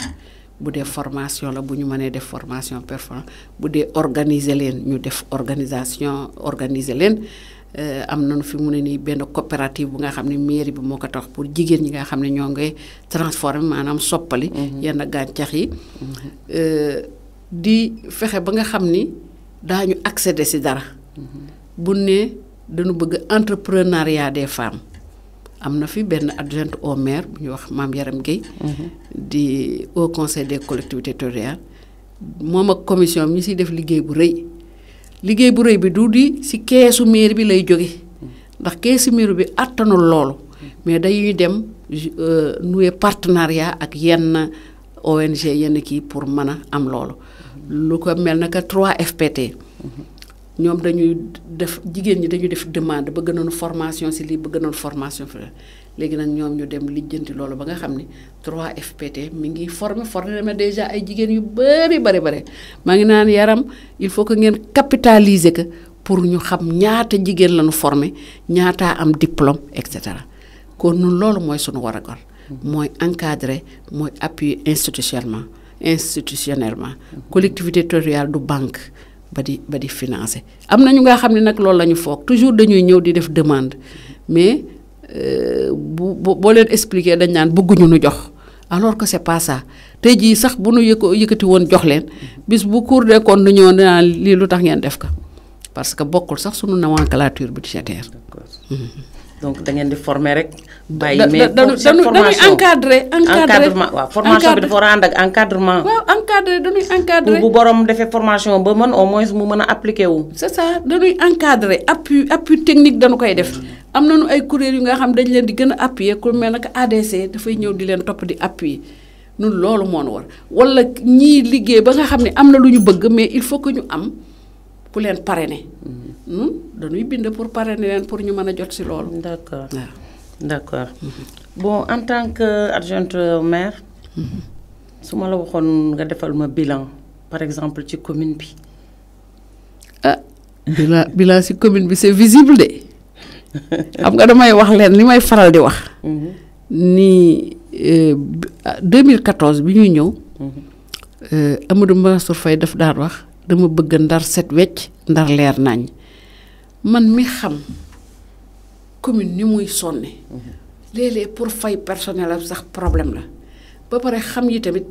bu dee formation la bu ñu mënee def formation performance bu dee organiser leen ñu def organisation organiser leen euh, am nañu fi mu ne nii benn coopérative bu nga xam ni mairie bi moo ko tax pour jigéen ñi nga xam ne ñoo ngay transformer maanaam soppali. Mhm. yenn gàncax yi. Mhm. Euh, di fexe ba nga xam ni daañu accéder ci dara. Mhm. bu ne dañu bëgg entrepreneuriat des femmes am na fi benn adjointe au maire bu ñuy wax Maam Yaram Guèye mhm. di au conseil des collectivités territoriales moom ak commission bi si def liggéey bu rëy liggéey bu rëy bi du di si keesu maire bi lay jóge ndax keesu mairie bi àttanul loolu mais dañuy dem euh, nouer partenariat ak yenn ONG yenn kii pour mën a am loolu lu ko mel naka 3FPT ñoom dañuy def jigéen ñi dañuy def demande bëgg nañu formation si lii bëgg nañu formation fi léegi nag ñoom ñu dem lijjanti loolu ba nga xam ni trois fpt mi ngi formé formé na déjà ay jigéen yu bari bari bari maa ngi naan yaram il faut que ngeen capitaliser ko pour ñu xam ñaata jigéen lañu formé ñaata am diplôme et cetera kon nun loolu mooy suñu war a gor mooy encadrer mooy appuyer institutionnellement institutionnellement mhm. collectivité territoriale du banque ba di ba di financé am na ñu ngaa xam ne nag loolu la ñu foog toujours dañuy ñëw di def demande mais euh, bu boo leen expliquer dañ naan bëgguñu nu jox alors que c'est pas ça jii sax bu nu yëko yëkkati woon jox leen bis bu Cour des comptes nu ñëwoon lii lu tax ngeen def ko parce que bokkul sax sunu nomenclature budgétaire. donc da ngeen di former rek. bàyyi mais formation dañuy encadré. encadrement waaw formation bi dafa war a ànd ak encadrement. waaw encadré dañuy encadré. bu borom defee formation ba mën au moins mu mën a appliqué wu. c' est ça dañuy encadré appui appui technique dañu koy def. am na nañu ay kuréel yu nga xam dañu leen di gën a appuyer ku mel nag ADC dafay ñëw di leen topp di appuyer. nun loolu moo nu war wala ñii liggéey ba nga xam ne am na lu ñu bëgg mais il faut que ñu am ku leen parrainer. nun mm-hmm. hmm? dañuy bind pour parrainer leen pour ñu mën a jot ci loolu. d'accord d'accord bon en tant que adjointe maire su ma la waxoon nga defal ma bilan par exemple ci commune bi. ah bilan bilan ci commune bi c'est visible de xam nga damay wax leen li may faral di wax. ni 2014 euh, bi ah, ñuy ñëw. Euh, Amadou Mansour Faye daf daan wax dama bëgg ndar set wecc ndar leer nañ man mi xam. commune ni muy sonne mhm. léeg-léeg pour fay personnel am sax problème la ba pare xam yi tamit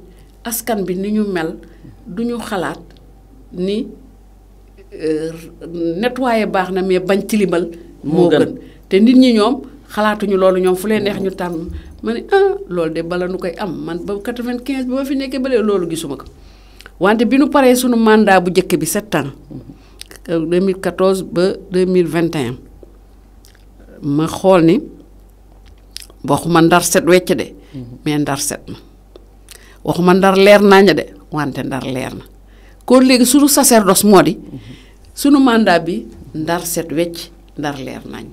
askan bi ni ñu mel mhm. du ñu xalaat ni euh, nettoyer baax na mais bañ tilimal moo gën te nit ñi ñoom xalaatuñu loolu ñoom fu leen neex ñu tàmm ma ne ah loolu de bala nu koy am man ba 95 bi ma fi nekkee ba loolu gisuma ko wante bi nu paree sunu mandat bu njëkk bi sept ans 2014 mhm. euh, ba 2021 ma xool ni waxuma ndar set wecc de mais ndar set na waxuma ndar leer naña de wante ndar leer na kon léegi sunu sacerdoce moo di mhm. sunu màndaa bi ndar set wecc ndar leer nañ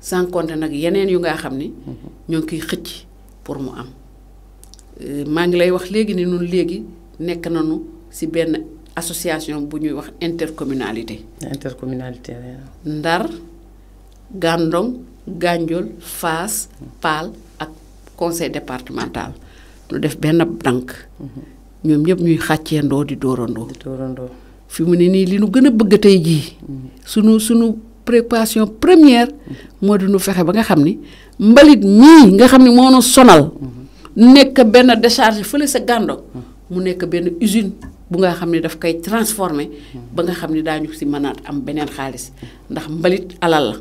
sans compter nag yeneen yu nga xam ni mhm. ñoo ngi koy xëcc pour mu am euh, maa ngi lay wax léegi ni nun léegi nekk nañu ci benn association bu ñuy wax intercommunalité intercommunalité ndar Gandon Gandiol Fass Paal ak conseil départemental ñu def benn tànk mhm. ñoom yëpp ñuy xàcceendoo di dóorandoo fi mu ne nii li nu gën a bëgg tey jii mhm. sunu sunu prépation première moo di nu fexe ba nga xam ni mbalit mii nga xam ni moo nu sonal mhm. nekk benn décharge fële sa Gandon mu nekk benn usine bu nga xam ne daf koy transformer ba nga xam ni daañu si mënaat am beneen xaalis ndax mbalit alal la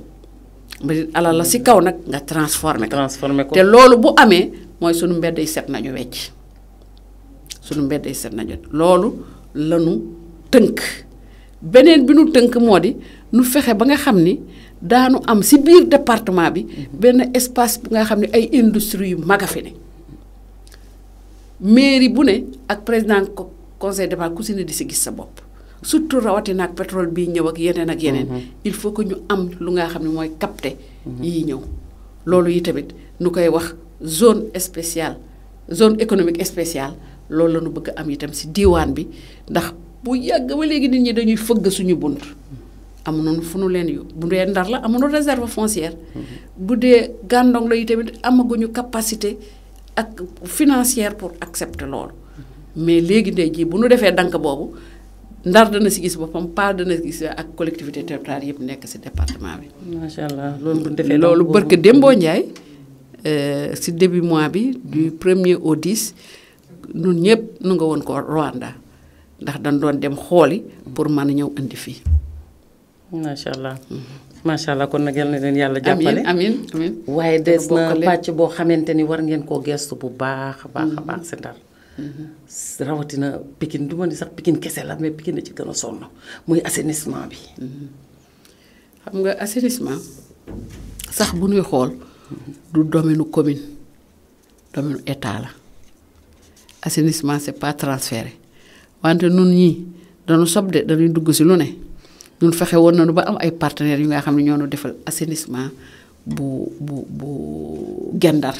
mbalit alal la si kaw nag nga transformé ko. transformé ko te loolu bu amee mooy sunu mbedd yi set nañu wecc su mbedd yi set nañu loolu lanu tënk beneen bi nu tënk moo di nu fexe ba nga xam ni daanu am si biir département bi mm-hmm. benn espace bu nga xam ni ay industrie yu mag a ne mairie bu ne ak président conseil département ku si ne di si gis sa bopp. surtout rawatina ak pétrole bii ñëw ak yeneen ak yeneen. Mm-hmm. il faut que ñu am lu nga xam ne mooy capté. yii ñëw loolu yi tamit nu koy wax zone spéciale zone économique spéciale loolu la ñu bëgg am itam si diwaan bi ndax bu yàgg ba léegi nit ñi dañuy fëgg suñu bunt. amuñu fu nu leen yu bu dee ndar la amuñu réserve foncière. Mm-hmm. bu dee gàndong la yi tamit amaguñu capacité ak financière pour accepter loolu. Mm-hmm. mais léegi ndey jii bu nu defee dank boobu. ndar dana si gis boppam pas dana gis ak collectivité territoriale yëpp nekk si département bi. macha allah loolu bu defee loolu barke Dembo Ndiaye euh, si début mois bi du premier au dix ñun ñëpp nu nga woon ko Rwanda ndax dan doon dem xooli pour mën a ñëw indi fii. macha allah mm-hmm. macha allah kon nag yal na leen yàlla jàppale amin amin waaye des na pàcc boo xamante ni war ngeen koo gestu bu baax a baax mm-hmm. baax si ndar. rawatina Pikine du ma sax pikin kese la mais Pikine ci gën a sonn muy assainissement bi. xam nga assainissement sax bu nuy xool du domaine commune domaine état la assainissement c'est pas transféré wante nun ñii danu sob de dañuy dugg si lu ne ñun fexe woon nañu ba am ay partenaires yu nga xam ne ñoo nu defal assainissement bu bu bu gendar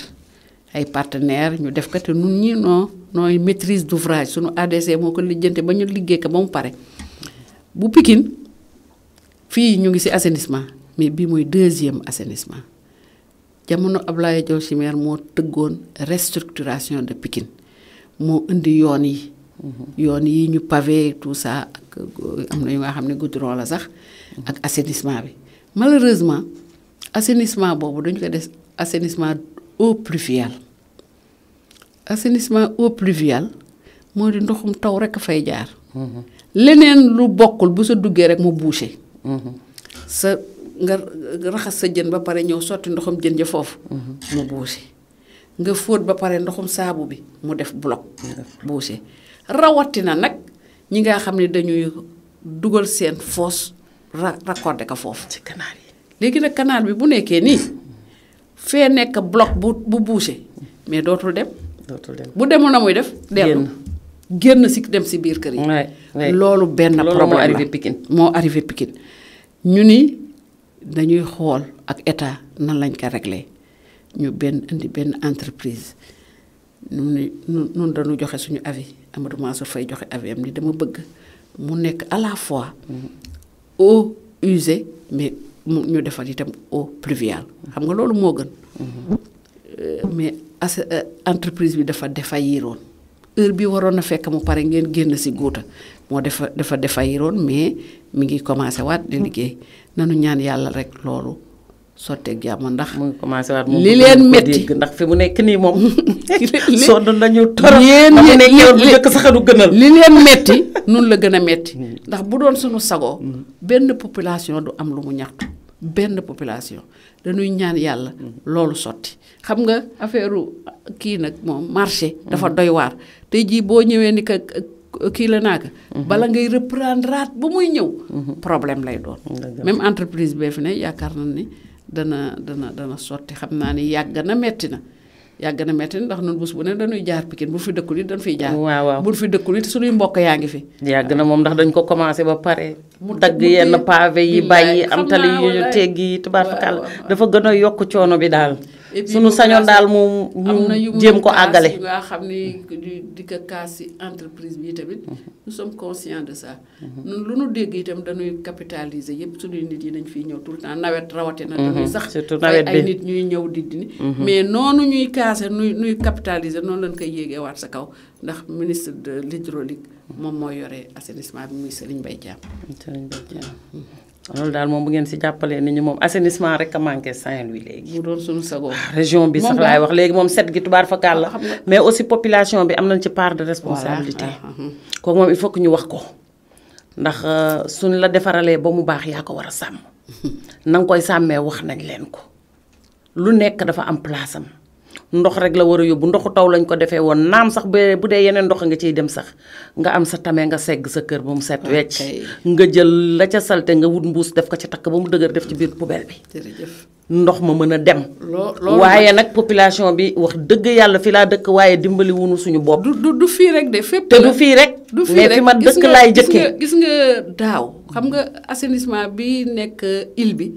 ay partenaires ñu def ko te nun ñi noo nooy maîtrise d'ouvrage sunu ADC moo ko lijjante ba ñu liggéey ko ba mu pare bu pikin fii ñu ngi ci assainissement mais bii muy deuxième assainissement jamono Ablaye Diaw Chimère moo tëggoon restructuration de Pikine moo indi yoon yi mm-hmm. yoon yi ñu pavé tout ça ak am xam ne goudron sax mm-hmm. ak assainissement bi malheureusement assainissement boobu dañu ko des assainissement eau pluviale assainissement eau pluviale moo di ndoxum taw rek fay jaar. Mhm. leneen lu bokkul bu sa duggee rek mu bouché. Mhm. sa nga raxas sa jën ba pare ñëw sotti ndoxum jën ja foofu. Mhm. mu bouché nga fóot ba pare ndoxum saabu bi mu def bloc. bouché rawatina nag ñi nga xam ne dañuy dugal seen foos ra de ko foofu. ci canal yi léegi nag kanaar bi bu nekkee nii fee nekk bloc bu bu mais dootul dem. dootul dem bu demoon na muy def. dellu génn si dem si biir kër yi. loolu benn problème la moo arrivé Pikine ñu ni dañuy xool ak état nan lañ ko regle ñu benn indi benn entreprise ñun ni ñun dañu joxe suñu avis Amadou Mansour Faye joxe avis am ni dama bëgg mu nekk à fois mm-hmm. eau usée mais ñu defar itam eau pluviale xam nga loolu moo gën. Mm-hmm. Euh, mais as euh, entreprise bi dafa defayiroon heure bi waroon na fekk mu pare ngeen génn si góota moo defa dafa defayiroon mais mi ngi commencé waat di liggéey nanu ñaan yàlla rek loolu sotteeg jàmm ndax. mu commencé waat li leen metti ndax fi nekk nii moom. sonn nañu torop yéen nekk sax du gënal. li leen metti nun la gën a metti mm. ndax bu doon suñu sago mm. benn population du am lu mu ñaxtu. benn population dañuy ñaan yàlla loolu sotti xam nga affaire kii nag moom marché dafa mhm. doy waar tey jii boo ñëwee ni ka kii la naaka mhm. bala ngay reprendre ba muy ñëw mhm. problème lay doon même entreprise bee fi ne yaakaar na ni dana dana dana sotti xam naa ni yàgg na metti na yàgg na metti ndax ñun bés bu ne dañuy jaar piki bu fi dëkkul it dañ fiy jaar. waaw waaw bu fi dëkkul it suñuy mbokk yaa ngi fi. yàgg na moom ndax dañ ko commencé ba pare. mu dagg yenn pavé yi bàyyi am tali yu ñu teggi tubaab dafa gën a yokk coono bi daal. suñu sañoon daal moom ñu jéem ko àggale am xam ni di ko kaas si entreprise bi tamit nous sommes conscients de ça. ñun mhm. lu nu dégg itam dañuy capitaliser yëpp suñuy nit yi dañ fiy ñëw tout le temps nawet rawatina. dañuy mhm. sax surtout nawet bi ay nit ñuy ñëw di dindi. Mhm. mais noonu ñuy kaase nuy nuy capitaliser noonu lañ koy yéegeewaat sa kaw ndax ministre de l'hydraulique moom moo yore assainissement bi muy Serigne Mbaye Thiam. loolu daal moom bu ngeen si jàppalee nit ñi moom assainissement rek a manqué Saint-Louis léegi. Ah, bi sax laay wax léegi moom set gi tubaar fa kàll la. mais aussi population bi am nañ ci part de responsabilité. Ah, ah, kooku moom il faut ñu wax ko. ndax euh, suñ la defaralee ba mu baax yaa ko war a sàmm. na koy sàmmee wax nañ leen ko. lu nekk dafa am place am. ndox rek la war a yóbbu ndoxu taw lañ ko defee woon naam sax ba bu dee yeneen ndox nga ciy dem sax nga am sa tame nga segg sa kër ba mu set wecc nga jël la ca salte nga wut mbuus def ko ci takk ba mu dëgër def ci biir poubelle bi ndox ma mën a dem waaye nag population bi wax dëgg yàlla fi laa dëkk waaye dimbali wunu suñu bopp du du fii rek de fépp te du fii rek du fii rek fi ma dëkk laay jëkkee gis nga daaw xam nga assainissement bi nekk il bi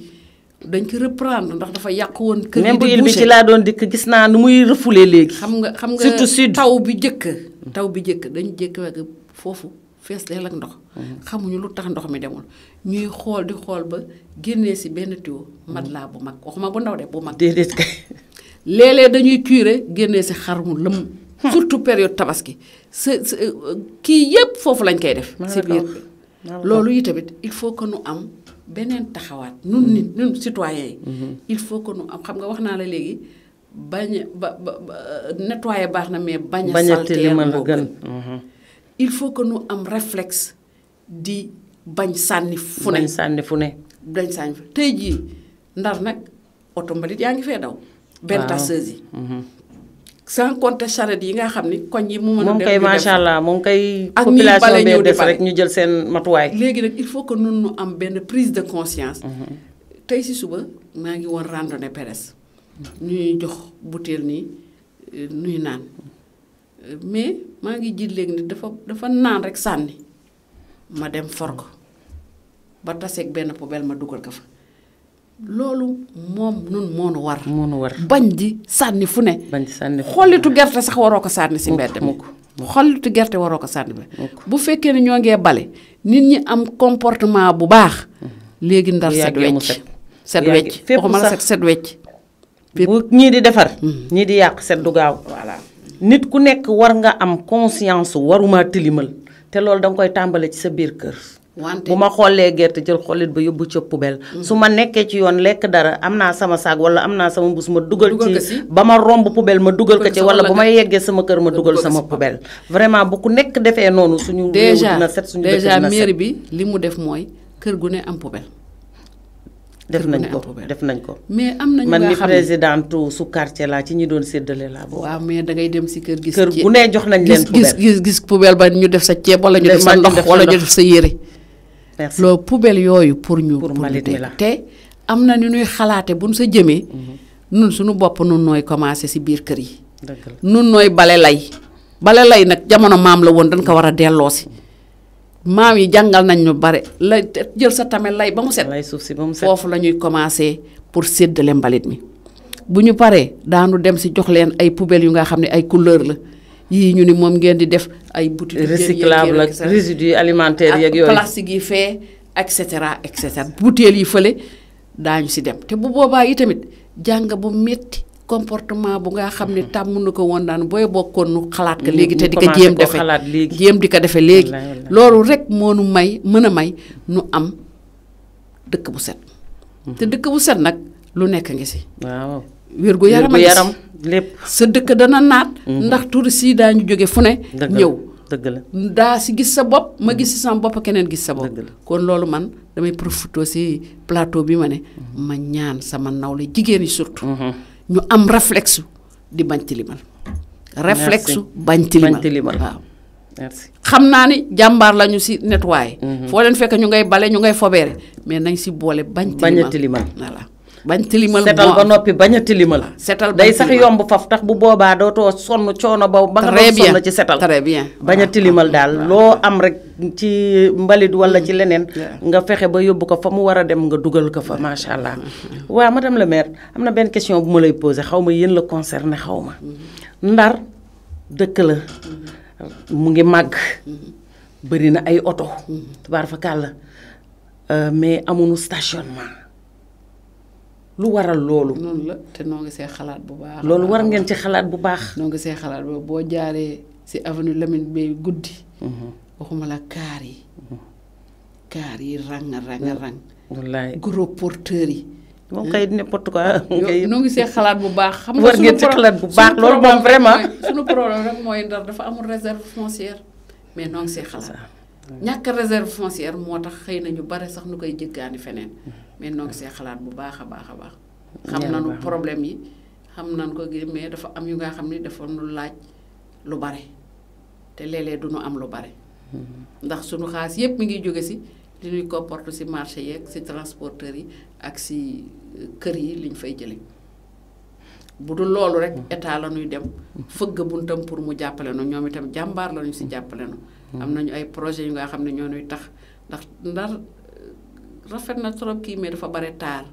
dañ ko reprendre ndax dafa yàq woon. kër yi di boucher même bi ci laa doon dikk gis naa nu muy refoulé léegi. xam nga xam nga surtout taw bi jëkk taw bi jëkk dañu jëkk ak foofu fees ak ndox. Mhm. xamuñu lu tax ndox mi demul ñuy xool di xool ba génnee si benn tuyau mhm. matelas bu mag waxuma bu ndaw de bu mag. déedéet kay. dañuy cuire génnee si xar mu lëmm. Hmm. période tabaski sa kii yépp foofu lañ koy def. si biir loolu yi tamit il faut que nu am. beneen taxawaat nun nit nun citoyens yi mhm. il faut que nu am xam nga wax naa la léegi bañ ba ba nettoyé baax na mais bañ a salteel moo gën mhm. il faut que nu am reflex di bañ sànni fu ne bañ sànni fu ne bañ sànni jii ndar nag oto mbalit yaa ngi fee daw benn tasseuse sans compter charrette yi nga xam ni koñ yi mu mën a moom kay macha allah moom kay population bee des rek ñu jël seen matuwaay léegi nag il faut que nun nu am benn prise de conscience mhm. tey si suba maa ngi woon randonnée péres ñuy jox butéel nii nuy euh, naan euh, mais maa ngi jiit léegi ni dafa dafa naan rek sànni ma dem for ko ba taseeg benn poubelle ma dugal ko fa loolu moom nun moonu war. moonu war bañ di sànni fu ne. bañ di sànni xollitu gerte sax waroo ko sànni si mbedd mi. xollitu gerte waroo ko sànni bu fekkee ne ñoo ngee bale nit ñi am comportement bu baax. Mm-hmm. léegi ndar set wecc set wecc waxuma la ñii di defar. Mm-hmm. ñii di yàq set du gaaw. voilà nit ku nekk war nga am conscience waruma tilimal te loolu danga koy tàmbale ci sa biir kër. bu ma xollee gerte jël xollit ba yóbbu ca poubelle mm. su ma nekkee ci yoon lekk dara am naa sama saag wala am naa sama mbuus ma dugal ci ba ma romb poubelle ma dugal ko ci wala ba ma yeggee sama kër ma dugal sama poubelle vraiment bu ku nekk defee noonu suñu réew dina set suñu dëkk dina bi li mu def mooy kër gu ne am poubelle def nañ ko def nañ ko mais am nañu man mi présidente su quartier laa ci ñi doon séddale laa boobu. waaw mais dangay dem si kër gis. kër gu ne jox nañ gis gis gis poubelle ba ñu def sa ceeb wala ñu def sa ndox wala ñu def sa yére. loo poubelle yooyu pour ñu pour ñu te am na ni ñuy xalaate buñ sa jëmee nun mhm. suñu bopp nun nooy commencé si biir kër yi nun nooy bale lay bale lay nag jamono maam la woon dañ ko war a delloo si maam yi jàngal nañ ñu bare la jël sa tame lay ba mu set suuf si ba foofu la ñuy commencé pour séddale mbalit mi bu ñu paree daanu dem si jox leen ay poubelle yu nga xam ne ay couleur la yii ñu ni moom ngeen di def ay boutique recyclable ak résidus alimentaires yeeg yooyu plastique yi fee et cetera et cetera butéel yi fële daañu si dem te bu boobaa yi tamit jàng bu metti comportement bu nga xam ne tàmm nu ko woon daan booy bokkoon nu xalaat ka léegi te di ko jéem defe jéem di ko defe léegi loolu rek moo nu may mën a may nu am dëkk bu set mm-hmm. te dëkk bu set nag lu nekk ngi si wérgu yaram wérgu yaram lépp. sa dëkk dana naat. Mhm. ndax touristes yi daañu jóge fu ne. ñëw dëgg la daa si gis sa bopp ma mhm. gis si sama bopp keneen gis sa bopp. kon loolu man damay profité si plateau bi ma ne. Mhm. ma ñaan sama nawle jigéen yi surtout. ñu am réflexe di bañ tilimal. réflexe bañ tilimal waaw. xam naa ni jàmbaar la si nettoyé. foo leen fekk ñu ngay bale ñu ngay fobeere mais nañ si boole bañ. tilimal bañ tilimal setal ba noppi bañ a tilimal. setal day sax yomb faf tax bu boobaa dootoo sonn coono ba. ba nga doon sonn ci setal bien bañ a tilimal daal loo am rek ci mbalit walla ci mm. leneen. nga fexe ba yóbbu ko fa mu war a dem nga dugal ko fa macha allah. Mm-hmm. waaw madame le maire am na benn question bu ma lay posé xaw ma yéen la concerné xaw ma mm-hmm. ndar dëkk la mm-hmm. mu ngi màgg. bëri na ay oto. tubaar fa kàll euh, mais amuñu stationnement. lu waral loolu. noonu la te noo ngi see xalaat bu baax. loolu war ngeen ci xalaat bu baax. noo ngi see xalaat bu boo jaaree si avenue lemin Bey guddi. Mhm. waxuma la kaar yi. Mhm. kaar yi rang rang mm. rang. wallaay gros porteurs yi. moom ne n'importe quoi. noo ngi see xalaat bu baax. xam nga war ngeen ci xalaat bu baax loolu moom vraiment. suñu problème rek mooy Ndar dafa amul réserve foncière mais noo ngi see xalaat. ñàkk réserve foncière moo tax xëy na ñu bare sax nu koy jëggaani feneen. Mm. mais noo see xalaat bu baax a baax a baax. xam nañu problème yi xam nañ ko gi mais dafa am yu nga xam ni dafa nu laaj lu bare te léeg-léeg du ñu am lu bare. Mm-hmm. ndax sunu xaas yépp mu ngi jóge si li ñuy comporte si marché yeeg si transporteurs yi ak si euh, kër yi liñ fay jëlee. bu dul loolu rek mm-hmm. état la nuy dem fëgg buntam pour mu jàppale nu ñoom itam jàmbaar la ñu si mm-hmm. jàppale nu am nañu ay projet yu nga xam ne ñoo ñuy tax ndax ndar rafet na trop kii mais dafa bare taar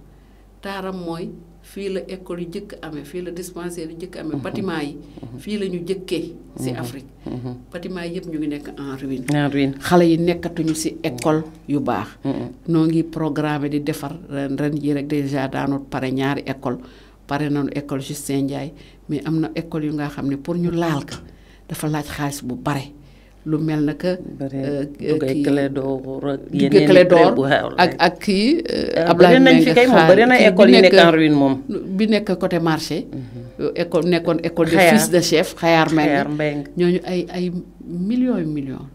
taaram mooy fii la école yu jëkk amee fii la dispensaire yu jëkk amee bâtiment yi fii la ñu jëkkee si mhm. Afrique mhm. bâtiment yi yëpp ñu ngi nekk en ruine en xale yi nekkatuñu si ecole yu baax mhm. noo ngi programme di defar ren ren yi rek déjà daanul pare ñaari école pare nañu école Justin Ndiaye mais am na école yu nga xam ne pour ñu laal ka dafa laaj xaalis bu bare lu mel na que. Euh, kii Clé d'Or ak euh, ah, nañ fi école moom. bi nekk côté marché. Mhm. école nekkoon école de fils de chef. xayaar Mbengue ñooñu ay ay millions yu millions.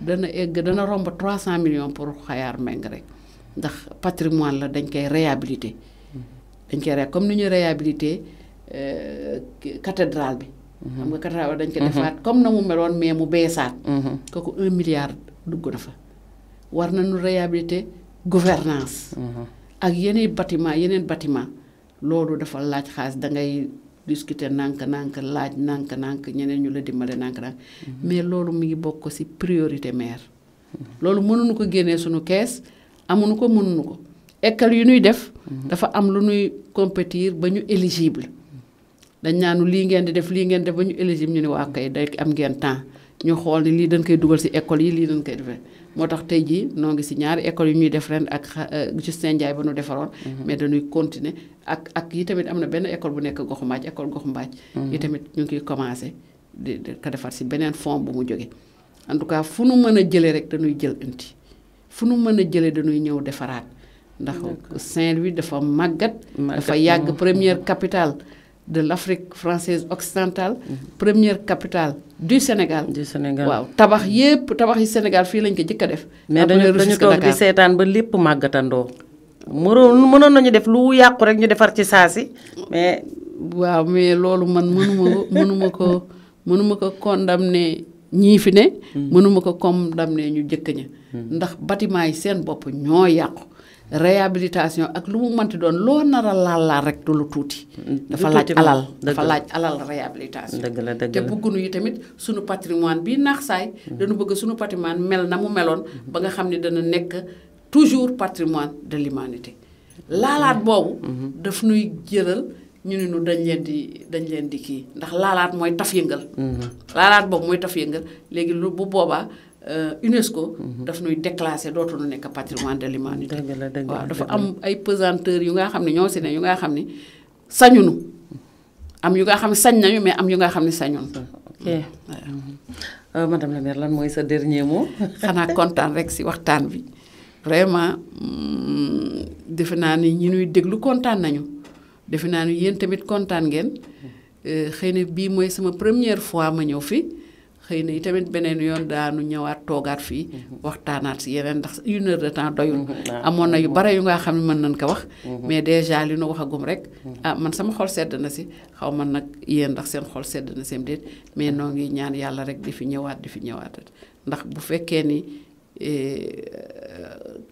dana egg dana romb 300 millions pour xayaar Mbengue rek ndax patrimoine la dañ koy réhabilité. Mhm. dañ koy rek comme ni ñuy réhabilité euh, cathédrale bi. xam nga Katawa dañ ko mhm. defaat comme na mu meloon mais mu beesaat. Mhm. kooku un milliard dugg na fa. war nañu réhabiliter gouvernance mhm. ak yeneen bâtiment yeneen bâtiment loolu dafa laaj xaalis dangay discuter nànk-nànk laaj nànk-nànk ñeneen ñu la dimbale nànk-nànk. mais loolu mu ngi bokk ko ci priorité maire. loolu mënuñu ko génnee suñu kees amuñu ko mënuñu ko école yu ñuy def. dafa am lu ñuy compétir ba ñu éligible. dañ naanu lii ngeen di def lii ngeen def ba ñu éligible ñu ne waa kay day am ngeen temps ñu xool ni lii dañ koy dugal si école yi lii dañ koy defee moo tax tey jii noo ngi si ñaari école yu ñuy def ren ak euh, Justin Ndiaye ba nu defaroon. Mm-hmm. mais dañuy continuer ak ak yi tamit am na benn école bu nekk goxu mbaaj école goxu mbaaj. Mm-hmm. yi tamit ñu ngi koy commencé di ko defar si beneen fond bu mu jógee. en tout cas fu nu mën a jëlee rek dañuy jël inti fu nu mën a jëlee dañuy ñëw defaraat ndax Saint-Louis dafa màggat. dafa yàgg première capitale. de l'Afrique française occidentale. première capital du Sénégal. du waaw tabax yépp tabax yu Sénégal fii lañ ko jëkk a def. mais dañu dañu toog di seetaan ba lépp màggatandoo. mënoon mënoon nañu def lu yàqu rek ñu defar ci saa waaw mais loolu man mënuma mënuma ko mënuma ko condamner ñii fi ne. Hmm. mënuma ko ne ñu jëkk ña. Hmm. ndax bâtiment yi seen bopp ñoo yàqu. réhabilitation ak lu mu mënti doon loo nar a laal laal rek du lu tuuti. Mm, dafa laaj alal dafa laaj alal réhabilitation. dëgg la dëgg la te bëgguñu yi tamit suñu patrimoine bi naax saay. Mm. dañu bëgg suñu patrimoine mel na mu meloon ba nga xam ni dana nekk toujours patrimoine de l'humanité laalaat mm-hmm. boobu. Mm-hmm. daf nuy jëlal ñu ne ñu dañ leen di dañ leen di kii ndax laalaat mooy taf yëngal. Mm-hmm. laalaat boobu mooy taf yëngal léegi lu bu boobaa Euh, UNESCO. Mhm. daf nuy déclassé dootuñu nekk patrimoine de l'humanité waaw dafa am ay pesanteurs yu nga xam ne ñoo si ne yu nga xam ni sañunu am yu nga xam ne sañ nañu mais am yu nga xam ne sañun hmm, euh, madame la lan mooy sa dernier mot. xanaa kontaan rek si waxtaan bi vraiment hmm, defe naa ni ñi ñuy déglu kontaan nañu defe naa ni yéen tamit kontaan ngeen hmm. euh, xëy na bii mooy sama première fois ma ñëw fii xëy na tamit beneen yoon daanu ñëwaat toogaat fii mhm. waxtaanaat si yeneen ndax une de temps doyul mhm. ah. amoon na yu mhm. bare yu nga xam ne mën nañ ko wax mais déjà li nu wax rek ah man sama xol sedd na si xaw man nag yéen ndax seen xol sedd na seen déet mais noo ngi ñaan yàlla rek di fi ñëwaat di fi ñëwaat ndax bu fekkee ni eh,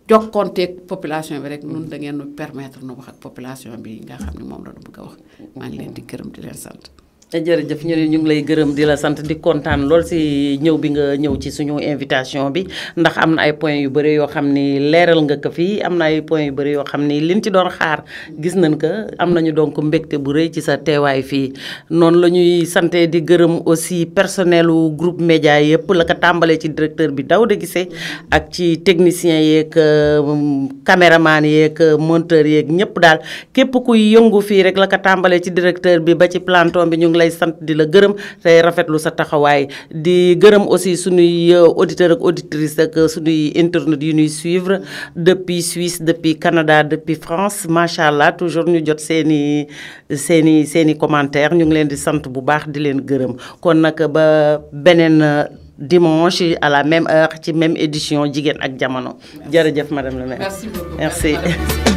jokkoonteeg population bi rek nun da ngeen nu permettre nu wax ak population bi nga xam moom la a wax maa ngi leen di këram di leen sant jërëjëf ñu ñu ngi lay gërëm di la sant di kontaan lool si ñëw bi nga ñëw ci suñu invitation bi ndax am na ay points yu bëri yoo xam ni leeral nga ko fii am na ay points yu bëri yoo xam ni liñ ci doon xaar gis nañ ko am nañu donc mbégte bu rëy ci sa teewaay fii. noonu la ñuy sante di gërëm aussi personnelu groupe média yëpp la ko tàmbalee ci directeur bi daw Daouda Guissé ak ci technicien yeeg euh, caméraman yeeg monteur yeeg ñëpp daal képp kuy yëngu fii rek la tàmbalee ci directeur bi ba ci planton bi ñu ngi lay sant di la gërëm tey rafetlu sa taxawaay di gërëm aussi suñuy euh, auditeurs auditrice auditrices ak euh, suñuy internautes yu ñuy suivre depuis Suisse depuis Canada depuis France macha allah toujours ñu jot seeni i seen i seen i commentaires ñu ngi leen di sant bu baax di leen gërëm kon nag ba beneen euh, dimanche à la même ci même édition jigéen ak jamono jërëjëf madame la merci.